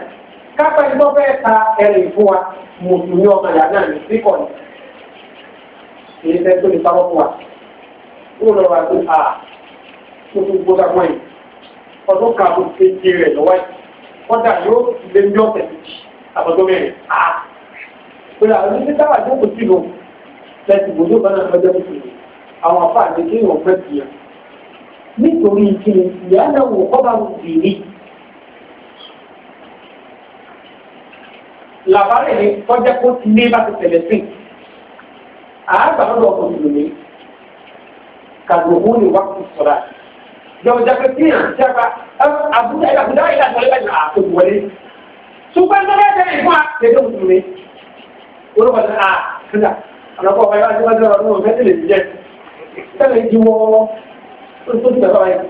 kápá ní tó fẹ́ ta ẹ̀rìn fún wa mùsùlùmí ọmọ ìyá náà ní síkọ̀tẹ̀ èyí fẹ́ tó lè pamọ́ fún wa ó lọ wá sí a tó tún gbódà wọ́n yìí ọdún kan tó ti di rẹ̀ lọ́wọ́ yìí wọ́n dà yóò lé ní ọ̀sẹ̀ àbọ̀dọ́ mẹ́rin a ó sábà jókòó sí lòun lẹ́sì gbòdó kan náà lọ́jọ́ tuntun àwọn afá àti kí wọ́n fẹ́ tiẹ̀. nítorí kíni ìyá náà wò kọ́ bá wù sí ní. làbárẹ̀ ni kọjá kó ti lé bá ti tẹ̀lẹ̀ sí. àgbà lọ́dọ̀ ọkọ̀ tuntun mi kàdùnkú ni wà kú sọ̀rọ̀ jọ̀wọ́ jáfe tí yàn jáfa àbúdá yìí àbúdá yìí àti ọlẹ́bàá yìí àti wọlé. ṣùgbọ́n ní ọlọ́dẹ yìí fún wa lè dé òtún mi. olùkọ́ ni a kíkà àlọ́kọ̀ ọ̀gá yára síwájú ọ̀rọ̀ náà mẹ́tì lè jẹ́ tẹ́lẹ̀ ju wọ́ tó tó tẹ̀lé ọ̀rọ̀ yẹn.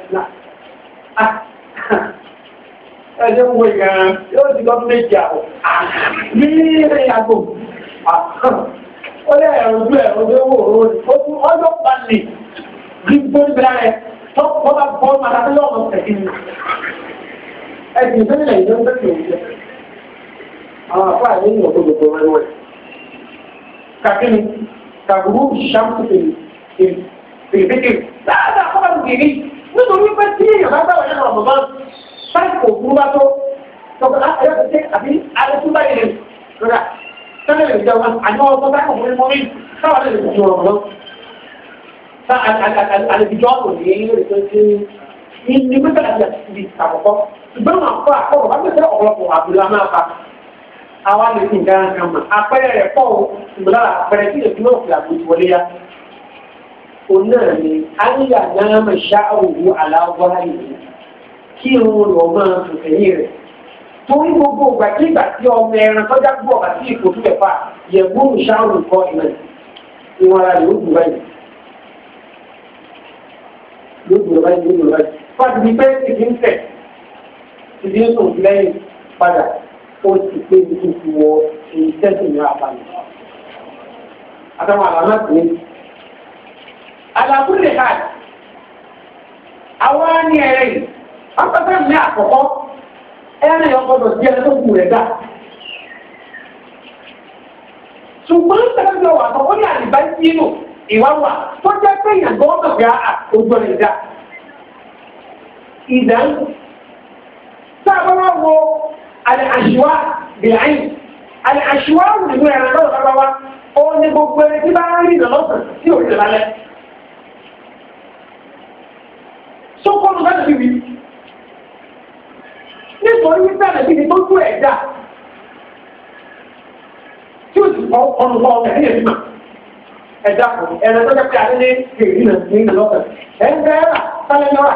ẹ jẹ́ wo ìgbàràn yóò ti lọ́dún méjì àbọ̀ bí ilé yàgò ó lé ẹ̀rọ ojú ẹ̀rọ ojú owó òru ó tún ọjọ́ pàlì gbígbó níbi ara ẹ̀ tó wọ́n bá bọ́ ọmọ aláfẹ́ lọ́wọ́ ẹ̀sìn ẹ̀sìn ìfẹ́ nílẹ̀ ìjọba tó ti wù jẹ́ àwọn àfọ àyè ìwọ̀n tó kàkínní kàbúrú ìṣàkóso ìrètí dáadáa kọ́ba ló kéré nítorí pé tí èèyàn bá bá wọlé ọ̀bọ̀ bá sáìkò òkúrú bá tó tọkọ ayọ́kọ̀ tẹ àbí alẹ́túbá ilẹ̀ rẹ̀ sọ́dọ̀ lè jẹun àyọ̀ ọ̀bọ̀ bá kọ̀ wọlé mọ́rí sáwọn lè jẹun ọ̀bọ̀ sá àlejò ọ̀bọ̀ ní ẹ̀yìn rẹ̀ tó ti ní ní pípẹ́ àti àti ìtàkọ̀kọ́ ṣùgbọ́n àwọn akọ́ àkọ́ àwa lè fi nǹkan kan mọ̀ àpẹẹrẹ rẹ̀ pọ̀ o ìgbàlá àpẹẹrẹ tí èdè náà fi àbójú wọlé yá. òun náà ni àyíyá náà mọ̀ ṣá òwú aláwọ̀ ayé kí irun lọ máa tòkẹ́yìn rẹ̀. torí gbogbo ìgbà tí ìgbà tí ọmọ ẹran tọ́já gbọ́ ọ̀gá sí ipò tó lẹ̀ fà yẹ̀gbọ́n ìṣàrùn kọ́ ìmọ̀ ìwọ̀n ara rẹ̀ ó dùn báyìí lóògùn báyìí lóògùn báyìí fún ó ti pé títí ti wọ iṣẹ́ sì ní àbálẹ̀. àtàwọn àlámà tó ní. àlàkùnrin ha àwọn ní ẹ̀rẹ́ yìí wọ́n fẹ́ fẹ́ mi àkọ́kọ́ ẹ̀rẹ́ yìí ọgbọ́dọ̀ sí ẹni tó kù rẹ̀ dá. ṣùgbọ́n sẹ́yìn lọ́wọ́ àkọ́kọ́ ní àlìbá sínú ìwà wà tó jẹ́ pé ìyàgbọ́ ọ̀dọ̀ bí a ojú ọ̀rẹ́ dá. ìdá sábà wọ́n wo àṣìwá bìláyìn àṣìwá òdìbò ẹ̀rọ náà bá wá ó ní gbogbo ẹni tí bá rí ìlọ lọ́sàn sí òkè lálẹ́. sókòlù náà ti wí nítorí wípé àlẹ́bí ni tó tó ẹ̀dá tí ó sì kọ́ ọ̀nà ọ̀gá ọ̀gá ní ẹ̀dínmà ẹ̀dá kù ẹ̀rọ tó jẹ́ pé a ní ní ìrìnà ní ìlọ́sàn ẹ̀ ń bẹ́ẹ̀ rà sálẹ́ náà rà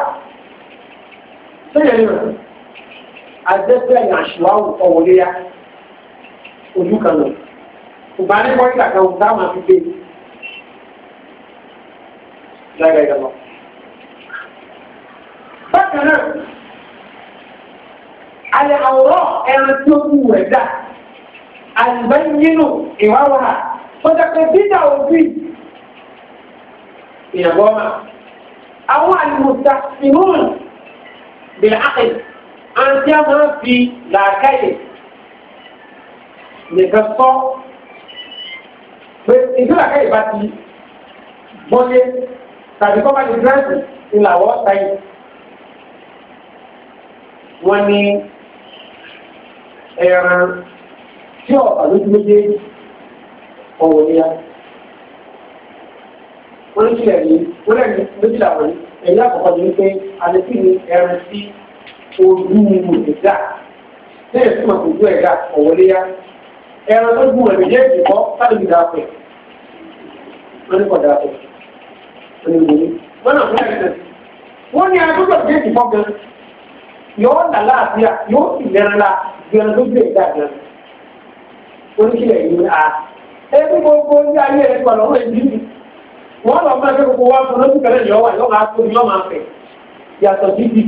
sẹ́yìn ẹ̀yìn rà àjẹsẹ̀ ẹ̀yìn àṣìwáwò ọ̀wọ́lé yá ojú kan lọ. Ìgbà ní wọ́n ìgbà kan táwọn àfi gbé lára ìgbà lọ. Bákan náà, àlẹ́ àwòrán ẹran tí ó kú rẹ̀ dà, àlùbá nínú ìwà wà, pé dídà òfin ìyàgbọ́ máa. Àwọn àlùmọ̀ta ìmúrùn bìlà ákẹ́yìn àti a máa fi làákàyè nìkan sọ pé ìdí làákàyè bá ti gbọ́lé tàbí kọ́ bá ti dírẹ́sì ìlàwọ́ sáyé wọ́n ní ẹran tí ọ̀pá lójú méjèèjì ọ̀wọ̀ ni a wọ́n ní kílẹ̀ yìí wọ́n lẹ́nu méjìlá wọ̀nyí ẹ̀yìn àkọ́kọ́ ni wípé àlẹ́ sí ni ẹran sí ojú ẹ̀dá bẹ́ẹ̀ fún àkójú ẹ̀dá ọ̀wọ́léyá ẹran tó gùn ẹ̀mí jẹ́ ìdìbọ́ sálùmí dàpẹ̀ wọ́n ní kọ̀ dàpẹ̀ wọ́n ní wòlé wọ́n náà fún ẹ̀rẹ́ wọ́n ní agbógbò jẹ́ ìdìbọ́ gan yóò là láàbíà yóò sì lẹ́ran la gbẹ̀rẹ̀ tó gbé ẹ̀dá gan oníkìlẹ̀ yìí a ẹbí gbogbo ní ayé rẹ̀ kọ̀ lọ́wọ́ ẹ̀dí wọ́n lọ́ọ́ máa fẹ́ gbogbo wa fún lọ́sùn kẹlẹ́ yọ̀ wà yọ̀ máa tó yọ̀ máa fẹ́ yàtọ̀ dídì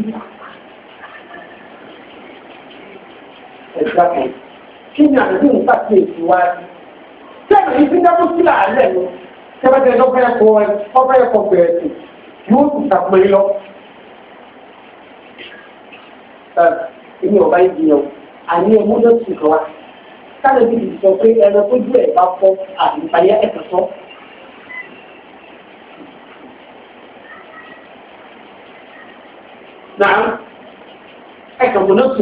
ẹ̀dá kan kí ni àdúgbò ń pàkíyèsí wá sí. sẹ́ẹ̀nì yìí ti dákú sílẹ̀ alẹ́ lọ sẹ́wọ́tẹ̀ lọ́fẹ́ ẹ̀kọ́ ọ̀fẹ́ ẹ̀kọ́ bẹ̀rẹ̀ sí yóò tún sàpẹ́ lọ. èmi ọ̀bá yìí di yàn àní ẹ̀mú ló ti kọ́ sáré bíi ti sọ pé ẹran tó jù ẹ̀ bá fọ́ àti ẹ̀kọ́ sọ́. Nàá ẹ̀kọ́ mọ̀ ló ti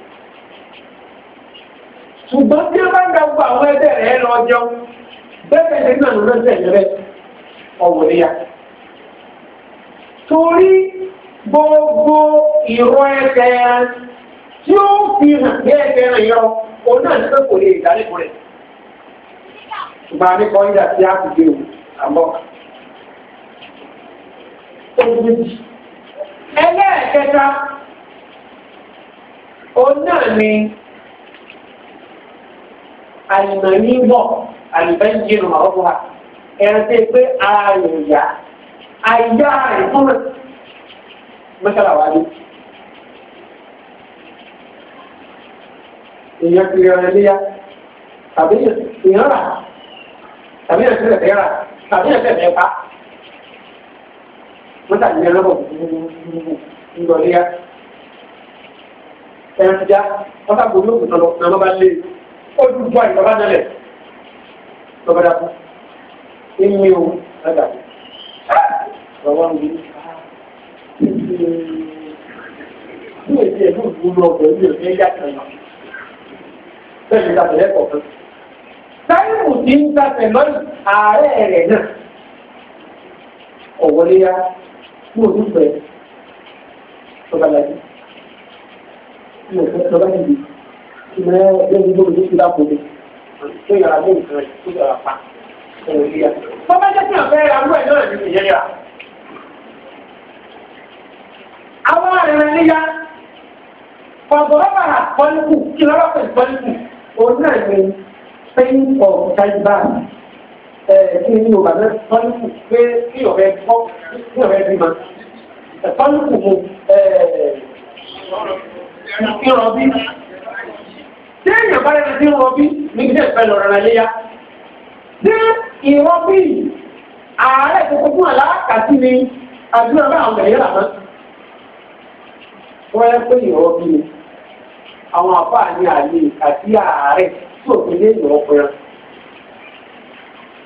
ṣùgbọ́n tí ó bá ń ga gbogbo àwọn ẹgbẹ́ rẹ̀ lọ jẹun bẹ́ẹ̀ ni náà ló ń tẹ̀lé rẹ̀ ọ̀wọ̀ níyà. torí gbogbo ìrọ̀ ẹsẹ̀ tí ó fi hàn bí ẹsẹ̀ rẹ̀ yọ òun náà ní pé kò lè dálẹ́kùn rẹ̀. ṣùgbọ́n àmì kan yíyà sí àkùdé o àbọ̀. ẹlẹ́ẹ̀kẹta òun náà ni àlùmọ̀ní bọ̀ àlùbẹ́jìnù ọ̀bùn wa ẹran tẹ́ pé àyà àyà ìfúnra mẹ́tàlá wa ni. èèyàn ti rẹ̀ léyà tàbí èèyàn rà tàbí èèyàn ti rẹ̀ rà tàbí èèyàn tẹ̀ mẹ́pa mẹ́tàlá ni ẹlọ́bọ̀ ńlọ léyà ẹran ti já wọ́n ká gbogbo òkùnkùn lọ ní lé ó dùn ju àìsàn lẹ̀ lọ́ba dàkú ẹ̀mí o lọ́dà lọ́wọ́ ń bí ní èdè ìlú ìlú lọ pẹ̀lú ìlú ẹ̀yà kan bẹ́ẹ̀ ni ìdàpẹ̀lẹ̀ kọ̀ọ̀kan. táyìmù tí ń dàpẹ̀ lọ́yìn ààrẹ rẹ̀ náà ọ̀wọ́lé yá ní òdúfẹ́ lọ́ba dàkú ní òdúfẹ́ lọ́ba dìde kí wọ́n lẹ́yìn tó lójú sílá kò lè tó yàrá mú nǹkan rẹ̀ tó yàrá pa ẹ̀rọ ilé yà. bọ́bá jẹ́ kí àfẹ́ ra mú ẹ̀ náà ní ìyẹn yà. àwọn àrẹ̀rẹ̀ níyà fọ̀bọ̀rọ̀bà pọ́líkù kí kí ni yorùbá náà pọ́líkù pé kí ọ̀rẹ́ kọ́ kí ọ̀rẹ́ bímọ pọ́líkù mu ìrọ̀bí ṣé èèyàn bá rẹ̀ ti ń rọbí ní ilé ìfẹ́ lọ rẹ̀ léyà ṣé ìrọbí ààrẹ tó kún àlàkàtì ni àdúrà bá àwọn ẹ̀yẹ́ làmọ́ wọ́n yẹ pé ìrọbí ni àwọn àfáà ní àlè àti ààrẹ tó fi lé ìrọ̀pẹ̀rẹ̀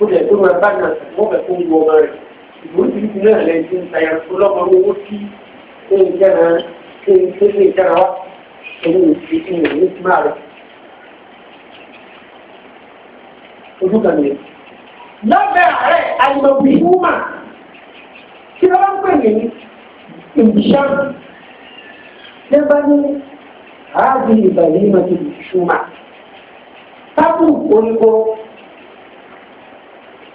ó lè tó máa bá náà wọ́n fẹ́ fún gbogbo rẹ̀ ìgbóhùn ti fi náà lẹ́yìn tí ń ta ẹranko lọ́mọ owó tí ó ń jẹ́ náà ṣé ń tẹ́lẹ̀ ìjára wá ẹni ìfi ìrìn ní ojú kan nìyẹn. lọ́bẹ̀ ààrẹ àyùmọ̀bí wúmà kí ló bá ń pè ní ìbùsàn ṣé bá ní ààbí ìbàlẹ̀ ìmọ̀tò ìṣúmà tábù oníkó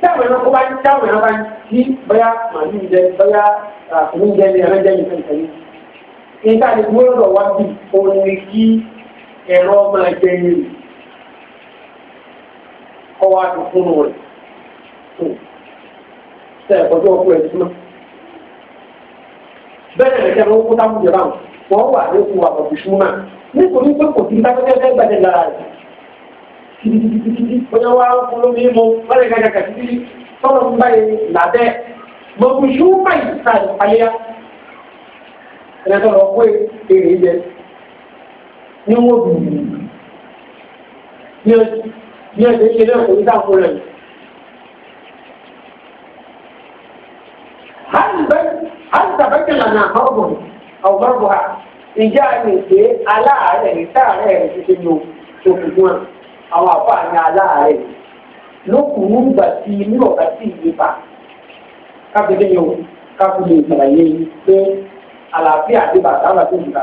táwọn ẹranko bá ń táwọn ẹranko bá ń tí bóyá màálù ń jẹ bóyá àkùnrin ń jẹ ní ẹran jẹ nìkan nìkan yìí nígbà tí wọ́n lọ wá bí orin kí ẹ̀rọ máa jẹ yìí kọ́ wá dùn fún un rẹ̀ ṣe ẹ̀kọ́jọ́ ọkọ ẹ̀ súná. bẹ́ẹ̀ ni ẹ̀kẹ́ ló kó táwọn ìjọba wọn wà ní ipò àbọ̀bù súnmọ́ nítorí pé kò sí dákẹ́kẹ́ gbàdẹ̀ lára rẹ̀ kìtìkìtìkìtì bóyá wá ń lómi mú wọ́n lè gàgà tọ́lọ̀ ń báyìí làbẹ́ gbogbo ṣùgbọ́n ìta ìpàlẹ́yà ẹ̀rọ pé èrè jẹ ní wọ́n bù bí ẹ̀sẹ̀ ṣe náà kò ní sáàpọ̀ rẹ̀. Àìsàbẹ́kẹ̀ lànà ọgbọ̀n ọgbọ̀n ìjà ni pé aláàárẹ̀ ní sáàárẹ̀ rẹ̀ ti ṣe lo ṣòkùnkùn à àwọn àfáà ní aláàárẹ̀ lókùnrin ìgbà tí ní ọ̀gá sí ìlépa káfíńdé yòó káfíńdé ìsàlàyé pé àlàáfíà àti bàtà àlàáfíà ìgbà.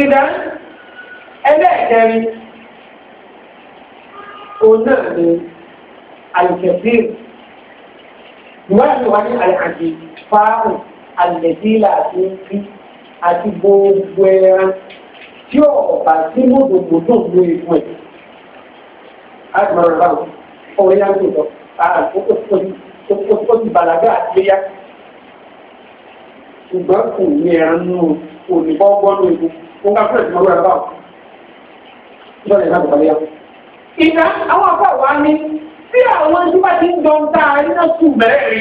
Ìdá ẹlẹ́ẹ̀kẹrin òun náà ni àlùkẹ́sìr ìwádìí mi wá ní àlàjì fáàrù àlẹ́dílà àti nkí àti gbogbo ẹran tí ọ̀pá sí mọ́tòmọ́tò ló ikú ẹ̀. láti máa rọra ọ̀rẹ́ yá ń tò lọ ó ti bàlágà àtìlẹ́yà ṣùgbọ́n kò ní ẹran nù òní bọ́ọ̀gbọ́n ló ikú ó ká fún ẹ̀sìn ọ̀rẹ́ rẹ̀ báwọn. ìjọba ìlànà ìbàlẹ̀ yàtọ̀ ìná àwọn afọ wa ní tí àwọn tí wọ́n ti ń dán tá a nínú sùn bẹ́ẹ̀ rí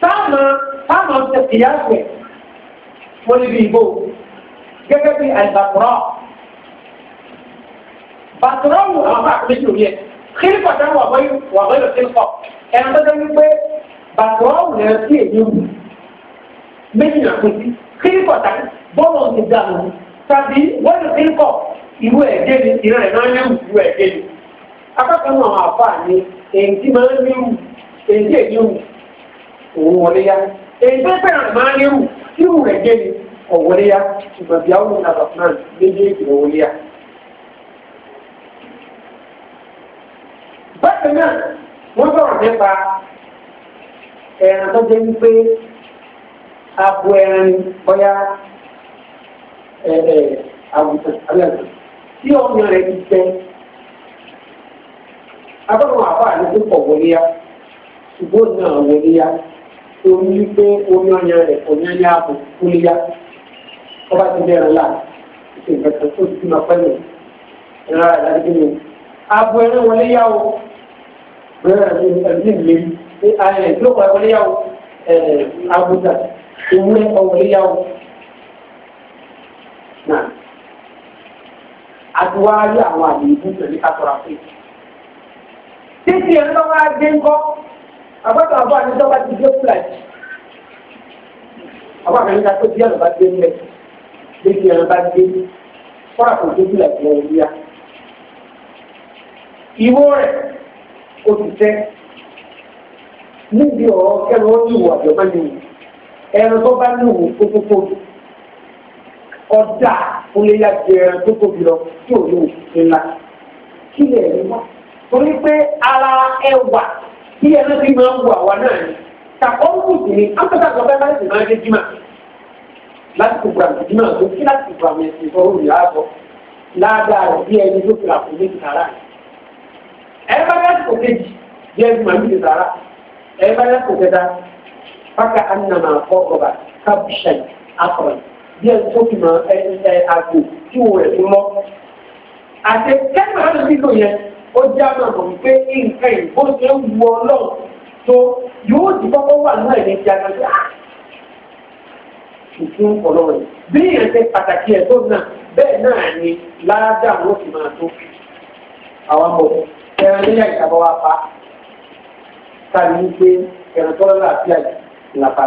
táàmù táàmù ṣe ìyá pẹ̀ mo níbi ìbò gẹ́gẹ́ bí àìsàkùrọ̀ bàtùrọ̀ wù àwọn àkùnrin tó yẹ kí ní pàtó wà bọ́ wà bọ́ lọ́sí kọ́ ẹ̀rọ tó dé wípé bàtùrọ̀ wù lẹ́yìn sí èyí wù méjìlá kùsì kí ní pàtó bọ́ọ̀lù ti dànù tàbí wọ́n lọ́sí kọ́ irú ẹ̀jẹ̀ ni ìran ẹ̀ náà léwu irú ẹ̀jẹ̀ ni akẹ́kọ̀ọ́ náà àfa ni èyí tí máa ń léwu èyí tí èyí wù òun wọlé yá èyí tó fẹ́ràn máa ń léwu irú ẹ̀jẹ̀ ni ọ̀wọlé yá ṣùgbọ́n bí àwọn ọ̀nà àbàfúnàn méjèèjì ọ̀wọlé yá. bákan náà wọ́n sọ̀rọ̀ nípa ẹ̀ràn tó jẹ́ wípé abo ẹran bọ́yá àgùntàn abẹ́rẹ́ tí ọ̀nà rẹ̀ ti fẹ́. Abọ́dọ̀ àbá àti púpọ̀ wọlé ya, ṣùgbọ́n náà wọlé ya, orí wípé omi ọ̀nà rẹ̀ kò ní ẹni ààbò wọlé ya. Ọba ti bẹ̀rẹ̀ là, ìṣe ìbẹ̀tẹ̀ tó ti máa pẹ́ lò, ẹ̀rọ àdájọ́ mi. Abo ẹni wọlé ya o, bẹ́ẹ̀ ni ẹ̀mí mi, ẹ̀ ẹ̀ ló kọ̀ wọlé ya o, ẹ̀ àbúdà, òwúrẹ́ kọ̀ wọlé ya o. àtiwárí àwọn àdéhùn ìṣẹ̀lẹ̀ kásọ̀rọ̀ pé. títí ẹ̀rọ bá wá dé ńkọ́ àgbàdo àbọ̀ àdéhùn bá ti dé fúlàjì. àwọn àgbàdo ká tó bí ẹ̀rọ bá dé ńlẹ̀ títí ẹ̀rọ bá dé kọ́ra kò dé fúlàjì lọ́wọ́ bíyà. ìwọ rẹ̀ kò sì tẹ́ níbi ọ̀rọ̀ kẹ́rọ ó ní ìwà àjọ̀bá ni ẹ̀rọ tó bá ní òun kókókó ọjà oléyà jẹrẹ tó tóbi lọ tí ò yóò ṣe ńlá kí lè rí wọn. torí pé ara ẹwà tí ẹni tí máa ń wà wá náà ni kàkọ́ ń kù sí ni amúkàtà kan bẹ́ẹ̀ láti máa dé jimá láti kó gbàgbé jimá tó kí láti gbàgbé sí ìfọwọ́ mi láàbọ̀ ládàá rẹ̀ bí ẹni tó fi àpò méjì sára. ẹ bá láti kò kejì bí ẹni màmí ti sára ẹ bá láti kò kẹta fákà ànàmà àkọ́ ọ̀bà kábíṣà àkọ́rọ̀ yìí bí ẹni tó fi máa ẹ ẹ àgbò tí òun rẹ̀ tó lọ. àti kẹ́kẹ́ máa ń lílo yẹn ó já máa mọ̀ wípé nǹkan ìbò ṣe ń wu ọlọ́run tó yóò ti kọ́kọ́ wà náà ní ti ara ṣe ìfún ah! ọlọ́run bí ìrìn ṣe pàtàkì ẹ̀ tó náà bẹ́ẹ̀ náà ni ládàá ló fi máa tó àwọn ọmọ ẹran nílẹ̀ ìtàbọ̀ wa pa tàbí wípé ẹran tó lọ́la àti àyè làpá.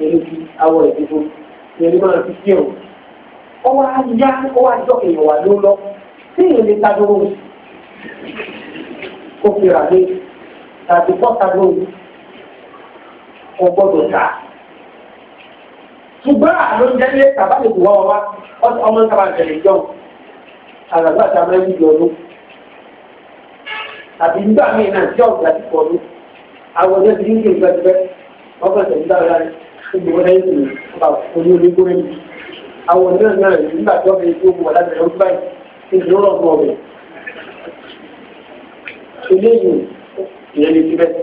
pẹ̀lú awọ ìdìbò pẹ̀lú máa fi sí ẹ̀wọ̀n. ọwọ́ ajá ọwọ́ ajọ́ èèyàn wà ló lọ sí èèyàn lè ta dúró kó fi rà lé tàbí bọ́ ta dúró kó gbọ́dọ̀ ta. ṣùgbọ́n àlọ́ ń jẹ́lé tàbá lè kú wá wa ọmọ ń sábà tẹ̀lé jọ àgbàdo àti amẹ́rin ìlú ọdún tàbí nígbà míì náà tí ọ̀gá ti pọ̀ ní àwọn ọjọ́ ti ń gbé ìgbà ti bẹ́ ọgbà tẹ̀lé dáadáa gbogbo ẹ̀ ń bá orí onígbóró mi àwọn náà náà nígbà tó ọbẹ̀ tó wọ̀ láti ẹ̀rọ báyìí ìdúró rọ̀ fún ọbẹ̀ eléyìí ìyẹn lè ti bẹ́ẹ̀.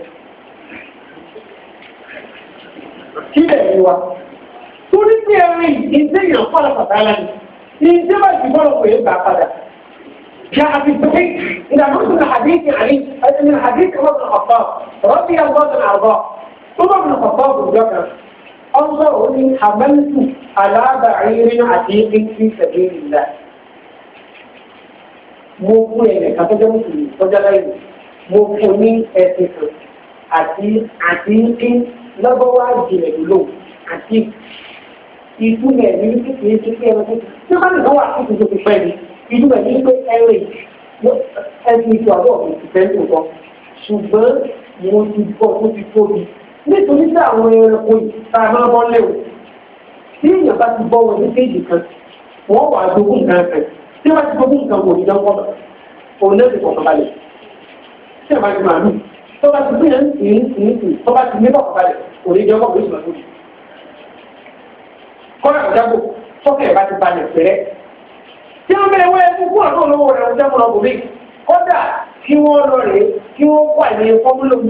kí lè ní wa torí pé ẹrin ìdíje yàn fọlọ pàtàkì ni ìdíje bá ti bọ́lọ̀ kò yẹ gbà padà. جاء في الصحيح إذا نص الحديث عليه من حديث عمر بن الخطاب رضي الله عنه وأرضاه عمر بن الخطاب وجاكر ọlọ́ òní àmẹ́lùtù aláàbàáyírí àti ìpínlẹ̀ ìṣẹ̀lẹ̀ ìlà mo fún ẹ̀yẹ̀ kan tó jẹ́ mùsùlùmí tó jẹ́ láyé mo fún ní ẹ̀sìn kan àti àti ìpín lọ́gọ́wá jìnà ìlú àti ìtumẹ̀ ní kíkì ní kíkì ẹ̀rọ tó tí ó bá nìkan wà kí tuntun ti pẹ́ ni ìtumẹ̀ ní pé ẹ̀rọ ẹ̀sìn ìtò àbọ̀ mi ti fẹ́ lóòótọ́ ṣùgbọ́n mo ti gbọ́ tó ti tóbi nítorí sí àwọn ẹranko ìtààmà mọ́lẹ̀ tí èèyàn bá ti bọ́ ní kéèjì kan wọ́n wà á nǹkan kan tí wọ́n ti gbógun nǹkan kò ní dán kọ́ òun kọ̀ọ̀kan balẹ̀ tí ẹ̀ máa ti màálù tó bá ti gbé yẹn ní ní ní tó bá ti ní kọ̀ọ̀kan balẹ̀ ní dán kọ́ kò ní kọ́lá kò tọ́kẹ́ ẹ̀ bá ti balẹ̀ fẹ́rẹ́ tí wọ́n bẹ̀rẹ̀ wọ́n ẹ̀kú kúrò náà lọ́wọ́ rẹ̀ ọ̀dẹ́kùnrin ọkùnrin kọ́dà kí wọ́n lọ rèé kí wọ́n wà ní fọ́múlò ń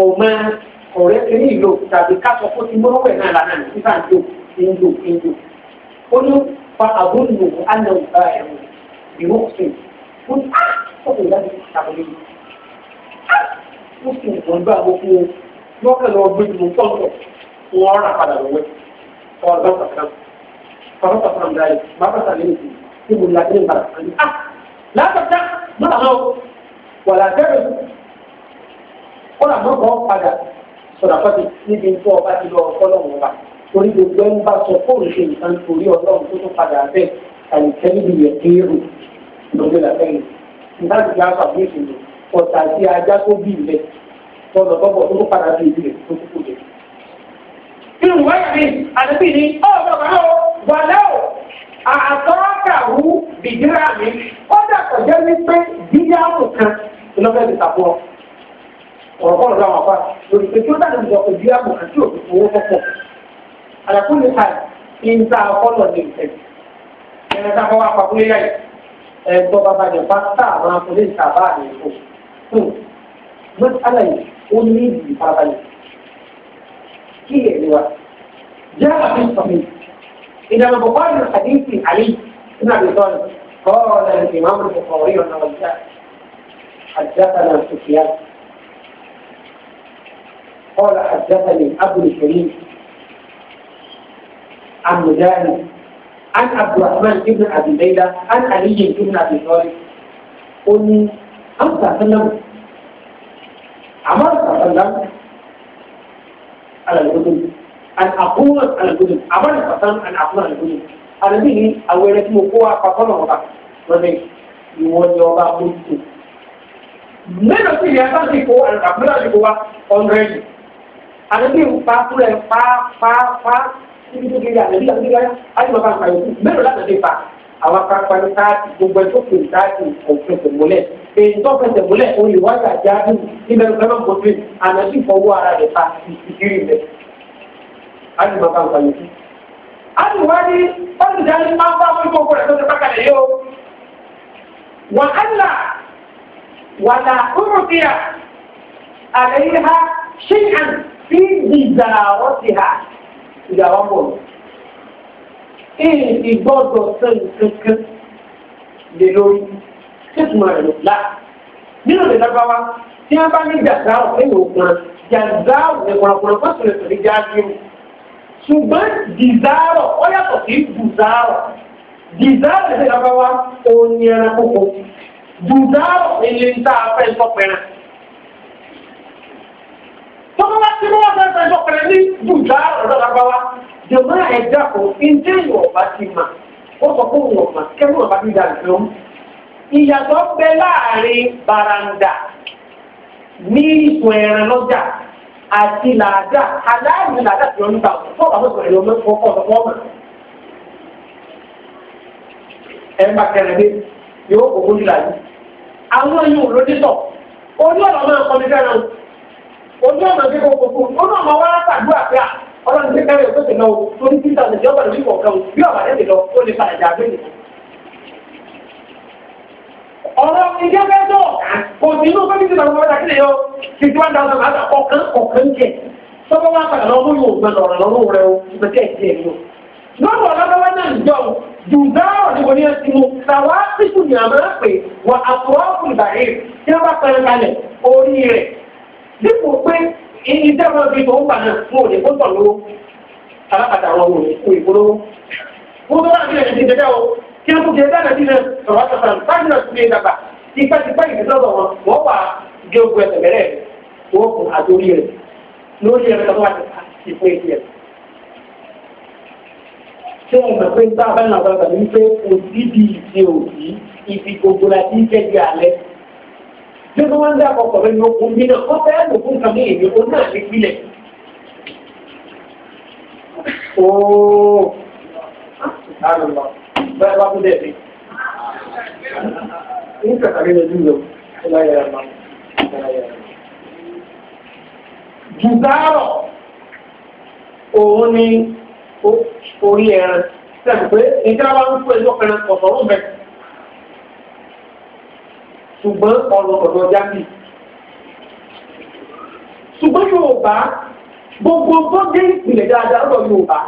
ọmọ ọ̀rẹ́ kiri ìlò tàbí kásọ kó ti mọ́wẹ́ náà lánàá ní sísá ń lò ń lò ń lò. ó ní fa àbúrò àná ìgbà ẹ̀rọ ìwọ sí i. ó ní á ọkọ̀ ìdájọ́ ti sàbọ̀lẹ̀ yìí. ó sì ń gbọ́n bá gbogbo wọn kẹ́ lọ gbé ju pọ́ńtọ̀ wọn rà padà lọ́wọ́ ọ̀dọ́ pàtàkì pàtàkì pàtàkì dáì má pàtàkì lè ti ibùdó làgbé ìbàdàn. látàkì náà wọ̀là kọ́nà mọ́kàn padà sọ̀rọ̀ àpàtì níbi tó ọba ti lọ ọ̀fọ́lọ́ wọn wa torí gbogbo ẹ̀ ń bá sọ fóònù ṣe nǹkan torí ọlọ́run tó tún padà bẹ́ẹ̀ àyíkẹ́lì bí yẹ kéèrò lóde làbẹ́yìn nǹkan ti gbà pàdé ìṣòro ọ̀tà àti ajá tó bí ilẹ̀ tọ̀nà bọ́bọ̀ tó tún padà bí ìbílẹ̀ tó tún kù jẹ. nínú wáyà mi àdébí ni ọ̀dọ̀ bàbá o wà lẹ́wọ̀ àtọ́kàwù bìdíra mi ó ọ̀rọ̀kọ́rọ̀ láwọn apá lórí pé tí ó dàgbà ìjọ pẹ̀lú àmọ̀ àti òfin owó pọ̀pọ̀. àlàkùn ní àì kí n ta ọkọ́lọ̀ ní ìfẹ́. ẹnì kan fọwọ́ apapọ̀ yá yìí ẹ̀gbọ́n bàbá jẹ̀ pásítà àwọn akọ̀lẹ́ ìtàbá àmì ìfọ̀. mọ́tàlá yìí ó ní ìdìbò farabalẹ̀. kí ẹ̀rí wa jẹ́ àbí sọ̀mí. إذا البخاري الحديث علي بن أبي طالب قال الإمام البخاري رحمه الله حدثنا سفيان قال حدثني أبو الكريم عن مجاهد عن عبد الرحمن بن أبي ليلى عن علي بن أبي طالب قل أمسى سلم عمر سلم على الهدن أن أقول على الهدن عمر سلم أن أقول على الهدن على به أولك مقوى فصل وضع وذي يوجد وضع قلت ماذا في هذا الكوى أن أقول على الكوى àdébí ìfà fúlẹ̀ fà fà fà níbi tó kiri àdébí àdébí àti bàbá àgbà yòókù mélòó láti àdébí fà àwọn akpákpá ní káàtì gbogbo ẹjọ́ pè káàtì òfin kò múlẹ̀ èyí tó fẹsẹ̀ múlẹ̀ òun lè wájà jáde níbẹ̀ lọ́nà kòtò ànájú ìfọwọ́ ara rẹ̀ fà ìsìkiri rẹ̀ àti bàbá àgbà yòókù. àti wá ní ọ̀dùnjà ní máa bá wọn gbogbo rẹ̀ tó ti pàkàlẹ̀ yìí sí ìdàwọ́ ti hà ìdàwọ́ bọ̀. Èèdì gbọ́dọ̀ sẹ́yìn kankan lè lórí tẹ́tùmọ̀ rẹ̀ lò lá. Nínú ìlú Lágbáwá, tí wọ́n bá ní jàdáwọ̀ nínú òkun, jàdáwọ̀ ní kọ̀ọ̀kan fọ́sùn rẹ̀ sọ̀rọ̀ ìjà ágbéwò. Ṣùgbọ́n dìzáàrọ̀ ó yàtọ̀ sí dùzáàrọ̀. Dìzáàrọ̀ ìlú Lágbáwá, òun ni ẹranko kò. Dùzáàrọ̀ ilé ń tá a fẹ́ sọ́pẹ̀rẹ̀ o tọ́lá tí wọ́n fẹ́ fẹ́ sọ̀kẹ́lẹ́ ní bùdá ọ̀dọ́ lágbáwá jọ̀mọ́ ẹ̀dá kò ǹjẹ́ ìwọ̀nba ti mà ó sọ fún ìwọ̀nba kẹ́mú ọ̀bá ti dàbí lóhùn. ìyàtọ̀ ń bẹ láàrin baranda ní ìsùn ẹ̀rẹ̀ lọ́jà àti làádà aláàbí làádà tí wọ́n ń gbà fún ọ̀bá tó sọ̀rọ̀ ìyọ̀mọ́ fún ọkọ̀ ọ̀dọ́ fọ́ọ̀mù. ẹ má kẹrẹ̀lé yóò kó kó ojú ọ̀nà bí kò kòkó ọ̀nà ọmọ wa látàdú àpẹ́à ọlọ́run ti kẹ́rẹ́ òkú tẹ̀lé o torí títà lè jọba lórí kọ̀ọ̀kan o bí ọ̀bà lẹ́sẹ̀ lọ ó lè padà jà gbẹ̀yìn. ọ̀rọ̀ ìjẹ́ fẹ́ tó kò sí inú pẹ́ẹ́bí ti bàbá wọn dàkílẹ̀ yọ fifty one thousand àgbà ọ̀kan ọ̀kan jẹ sọ́kọ́ wa padà lọ́wọ́ yóò gbẹ lọ́rọ̀ lọ́wọ́ rẹ o ìgbẹ́kẹ̀ ẹ̀ lọ́wọ́ lọ́wọ́ náà ń jọ dùdáwọ̀ ní oní ẹtì mu tàwa sísù ní àmọ́ pé wà àtúwọ́ fún ìbàrẹ̀ tí wọ́n bá pẹ̀lú kalẹ̀ orí rẹ̀ dípò pé iye dáwọn ibi tó ń gbà náà wọn ò ní kó tàn lówó alápàtà wọn ò ní kó ìpolówó. wọ́n tó láti ẹ̀sìn ìdẹ́dẹ́ o kí wọ́n tó jẹ dáná sí náà sọ̀rọ̀ àtàtà táyì náà tún lè dàgbà tipẹ́tipẹ́ ìdílọ́dọ̀ wọn wọ́n wà gé ogun ẹsẹ̀ bẹ̀rẹ̀ wọ́n kù àtòrí rẹ̀ lórí ẹ̀rọ tó wà di ìṣe òbí ibi gbogbo tí wọ́n wá ń dá ọkọ̀ rẹ̀ ní okùn bí náà wọ́n fẹ́ẹ́ lò fún nǹkan ní èmi òun náà ní ìpìlẹ̀. Ooo àlùmọ̀ bẹ́ẹ̀ bá kú dẹ̀bi. Ní kàkàrí òun ni orí ẹran sẹ́kù pé ìjọba ń fún ẹjọ́ kan ọ̀sọ̀rọ̀ bẹ́ẹ̀ ṣùgbọ́n ọ̀rọ̀ ọ̀dọ̀ jáde. ṣùgbọ́n Yorùbá gbogbo tó dé ìpìlẹ̀ dáadáa lọ Yorùbá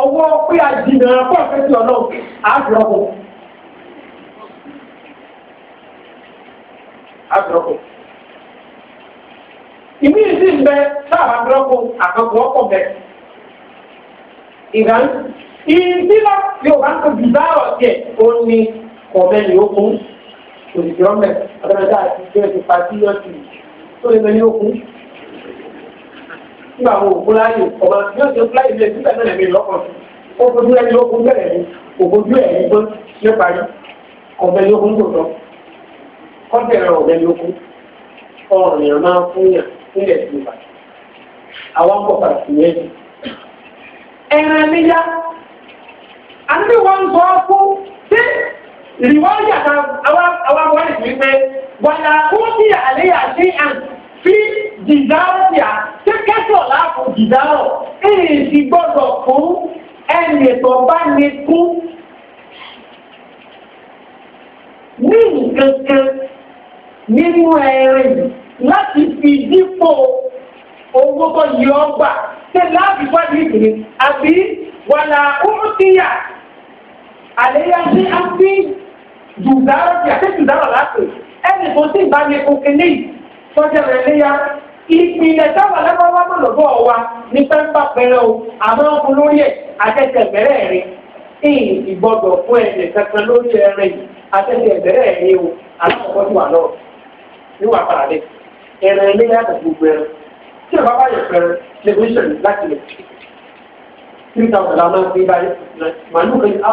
ọwọ́ pé a jìnnà pọ̀ fẹ́sì ọ̀nà àdúrọ̀kọ̀. àdúrọ̀kọ̀. ìmí ìsì ń bẹ sáà àdúrọ̀kọ̀ àkànkọ̀ ọkọ̀ bẹ. ìdáná ìdílá Yorùbá ń pè bìbá ọ̀tẹ̀ ó ní kọ̀ọ̀bẹ ni ó kún òṣìṣẹ́ ọmọ ẹ̀ ọ̀dọ́mọdé àti ìṣẹ́ ti pa sí yọ̀tì tó lè lọ ní okùn. nígbà wo òkun láyè ọmọ yóò ṣe fúláyè lé nígbà náà lẹ́mí lọ́kàn ó fojú ẹni okùn bẹ̀rẹ̀ ni òfojú ẹ̀ ní gbọ́ ṣe parí ọ̀bẹ̀ni okùn tó tọ́ kọ́tẹ̀rẹ̀ ọ̀bẹ̀ni okùn ọ̀rọ̀ èèyàn máa fún yàn nílẹ̀ sí ibà àwọn kọ̀ pàtì yẹn. ẹ̀rẹ̀ níyà àti wọ́n ń sọ fún ìrìwáyà àwọn wáyé wípé wàlà kúndì àléyà sí àn fi dìdáwọ́ sí à ṣé kẹ́sọ̀ láàbò dìdáwọ́ èyí ti gbọ́dọ̀ fún ẹnì tó bá ní kú ní nǹkan kan nínú ẹ̀rìn láti fi dípò owó tó yọ ọ gbà ṣé láàbì wájú ìdílé àbí wàlà kúndì àléyà sí àbí jùdára ti àti jùdára láti ẹnì tó sì bá ní kókè ní sọ́jà rẹ̀ léyà ìpìlẹ̀ táwọn alábáwá náà lọ́dọ̀ wa ní pẹ́ńpà pẹ́rẹ́ o àmọ́ ọkùn lórí ẹ̀ àtẹ̀tẹ̀ bẹ̀rẹ̀ rẹ̀ ìyìn ìgbọ́dọ̀ fún ẹ̀jẹ̀ kankan lórí ẹ̀rẹ̀ yìí àtẹ̀tẹ̀ bẹ̀rẹ̀ rẹ̀ o alákọ̀ọ́kọ́ ti wà lọ́wọ́ níwà pàdé ẹ̀rẹ̀ léyà àti gbogbo ẹ̀rẹ̀ tí ìbá bá yẹ pẹ̀rẹ̀ lẹ́gbẹ̀ẹ́sẹ̀ láti lẹ̀ 3000 la máa ń gbé báyìí màlúù kan á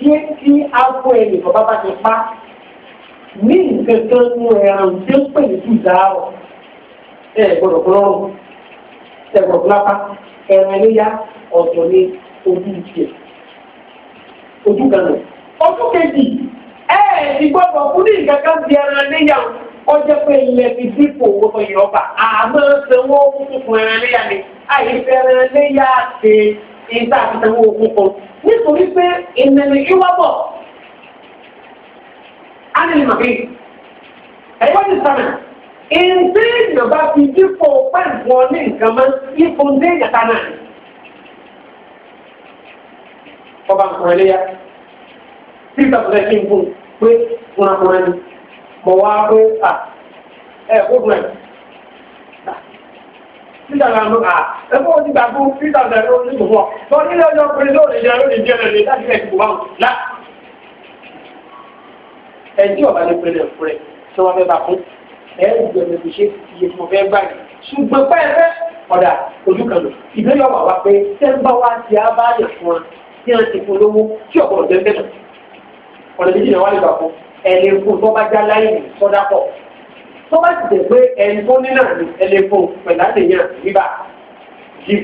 tí tí akọ ẹni bàbá bá ti pa ní nǹkan kan mú ẹran tí ó pè ní tùzà ọ ẹ gbọ́dọ̀ gbọrọrùn ẹ gbọ́dọ̀ gbọlápá ẹran ẹlẹyà ọ̀tọ̀ ní ojú tiẹ̀ ojú kan nù. ojú kejì ẹ ẹ ti gbọ́dọ̀ fún ní nǹkan kan di ẹran ẹlẹyà ọjọ́ pé ilẹ̀ ti dípò owó tó yọ ọba àmọ́ sanwó fún ẹran ẹlẹyà ni àyè fẹ́ràn ẹlẹyà ṣe ìta àtẹwọ́ ogun kan nítorí pé ìnẹ̀lẹ̀ ìwábọ̀ ánìlì màbí ẹ̀yọ́ ti sàmì ìdí ìyọ̀bá fi dípò pẹ̀lú ọ ní nǹkan mọ́ ipò ní ìyàtá náà ọba nǹkan ẹlẹ́yà tí ìtàkùnrin kí n bù pé fúnra fúnra ni mọ̀ wá pé à ẹ̀ kó fúnra títà náà ló à ẹ̀fọ́ ti gbà fún títà náà ló ní ìwọ̀ lọ nílé ọjọ́ pé lóòrè jẹ́ lóòrè jẹ́ lóòrè láti rẹ̀ kò báwọn lá. ẹ tí ọba ní pẹ̀lẹ́ fún rẹ tí wọn fẹ́ bá fún ẹ ẹ gbẹmí kò ṣe iye tí mo fẹ́ gbà yìí ṣùgbọ́n pẹ́ẹ́fẹ́ ọ̀dà ojú kan lò ìbéèrè ọ̀wà wa pé tẹ́ńbà wa ti á bá yẹ fún wa tí wọ́n ti fún lówó tí ọ̀pọ̀ ọ̀dẹ́ ń bẹ̀rẹ̀ ọ̀dẹ̀ méjì náà wà lè gbà fún ẹ̀ lè fún tó bá já láyé ní sọ́dá pọ̀ tó bá ti jẹ́ pé ẹni tó ní náà ní ẹlẹ́fọ́ pẹ̀lú àdéhùn bíbá jì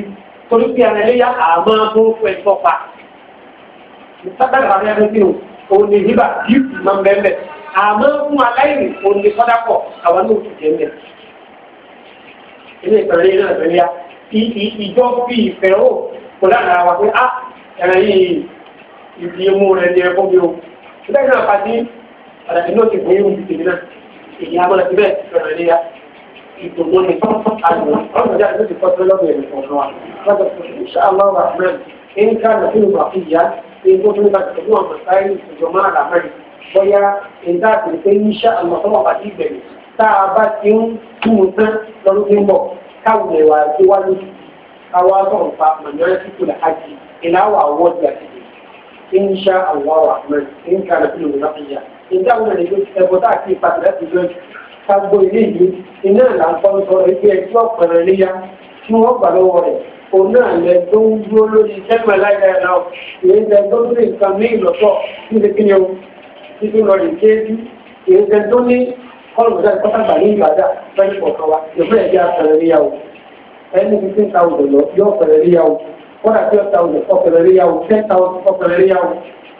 torí pé ara ẹlẹ́yà àmọ́ tó fẹ́ sọ́pa sábàlá bàbá ẹni tí o ní bíbá jì máa ń bẹ́ẹ̀ bẹ́ẹ̀ àmọ́ fún aláìní o ní sọ́dápọ̀ àwọn náà ti jẹ́ mẹ́ẹ̀. ilé ìtàn yìí náà lọ́lẹ́yà ìjọ fi ìfẹ́ hàn kó lára wa pé ah ẹ̀rẹ́ yìí ìdí imú rẹ̀ ní ẹ̀kọ́ mi o. ìgbà yìí náà náà ti fún yìí èyí agbọ́dọ̀ ti bẹ́ẹ̀ sọ̀rọ̀ ilé ya ìtòkò ní àgbò ọ̀sán jáde ló ti kọ́ sí lọ́dọ̀ ẹ̀mí kan náà lọ́dọ̀ fún ìṣàlọ́ rahman ń ká nàfin ìwà fún ìyá ṣe ń gbọ́dọ̀ nípa ìtòkò àwọn mọ̀sáyé ìdá àti ìpé ìṣàlọ́ tó wà tá a bá ti ń tú tán lọ́dún tí ń bọ̀ káwọn ẹ̀wà ti wá lójú káwá bọ̀ nípa mọ̀nyọ́rẹ́sì tó lè ìlàwọ̀ àwọ̀ ìgbà ti dè ń ṣá àwọn rahman ìjà àwọn ènìyàn ẹ̀bùn tá a ti pàtó láti yọ jù kágbó ilé yìí iná là ń kọ́ sọ̀rọ̀ ẹgbẹ́ ẹjọ́ ọ̀pẹ̀rẹ̀ léyà tí wọ́n gbà lọ́wọ́ rẹ̀ òun náà lẹ tó ń dúró lórí sẹ́gbà láyà ẹ̀ náà èyí lẹ tó ní nǹkan ní ìlọ́tọ̀ níbi kí ni o títí lọ rè kééjú èyí lẹ tó ní kọ́ọ̀lù sẹ́gbà pátákà ní ìbàdà fẹ́ẹ́ kọ̀ọ̀kan wa ìfẹ́ ẹ̀jẹ̀ àpẹ̀rẹ̀ léyà o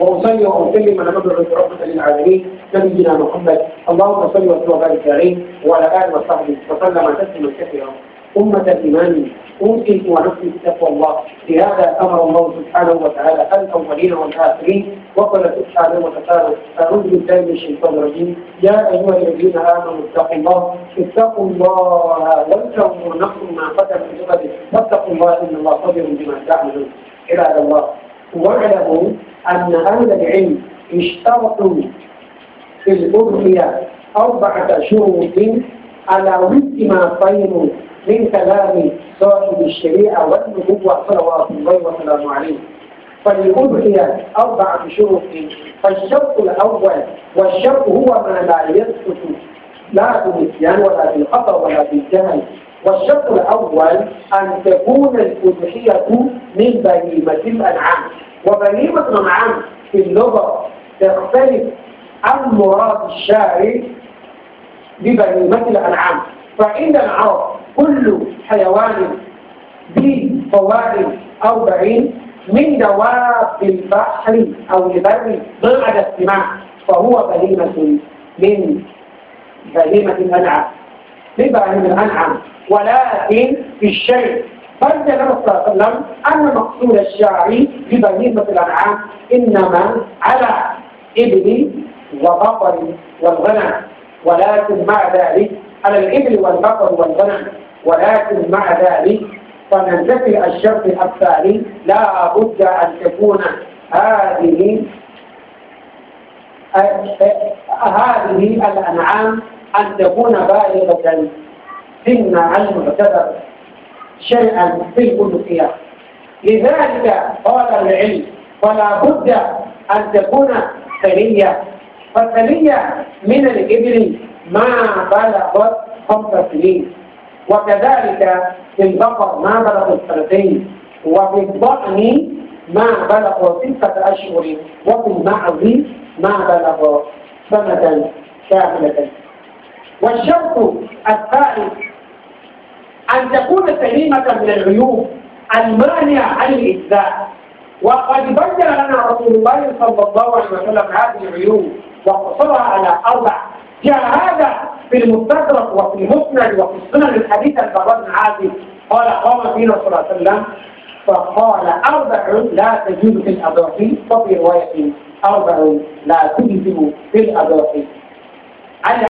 واصلي واسلم على مبعوث رب للعالمين نبينا محمد اللهم صل وسلم وبارك عليه وعلى اله وصحبه وسلم تسليما كثيرا أمة الإيمان أوصيكم ونفسي بتقوى الله بهذا أمر الله سبحانه وتعالى الأولين والآخرين وقال سبحانه وتعالى أعوذ بالله من الشيطان الرجيم يا أيها الذين آمنوا اتقوا الله اتقوا الله ولتنظر نفس ما قدمت لغد واتقوا الله إن الله خبير بما تعملون عباد الله واعلموا أن أهل العلم اشترطوا في الأضحية أربعة شروط على وفق ما فهموا من كلام صاحب الشريعة والنبوة صلوات الله وسلامه عليه فلأضحية أربعة شروط فالشرط الأول والشرط هو ما لا يسقط لا بالنسيان ولا بالخطأ ولا بالجهل والشرط الأول أن تكون الأضحية من بهيمة الأنعام وبهيمة الأنعام في اللغة تختلف عن مراد الشاعر ببهيمة الأنعام فإن العرب كل حيوان ذي فوائد أو بعين من دواب البحر أو البر بعد السماع فهو بهيمة من بهيمة الأنعام من بهيمة الأنعام ولكن في الشيء فرد النبي صلى الله عليه وسلم أن مقصود الشاعر في بنيمة الأنعام إنما على إبل وبقر والغنم ولكن مع ذلك على الإبل والبقر والغنم ولكن مع ذلك فننتفي الشرط الثاني لا بد أن تكون هذه هذه الأنعام أن تكون بالغة سن المعتبر شيئا في كل سياق لذلك قال العلم فلا بد أن تكون سنية فالسنية من الإبل ما بلغت خمس سنين وكذلك في البقر ما بلغت سنتين وفي الضأن ما بلغ ستة أشهر وفي المعز ما بلغ سنة كاملة والشرط الثالث أن تكون سليمة من العيوب المانعة عن الإجزاء وقد بين لنا رسول الله صلى الله عليه وسلم هذه العيوب وقصرها على أربع جاء هذا في المستدرك وفي المسند وفي السنن الحديثة الفرد العادي قال قام فينا صلى الله عليه وسلم فقال أربع لا تجوز في الأضاحي وفي رواية أربع لا تجوز في الأضاحي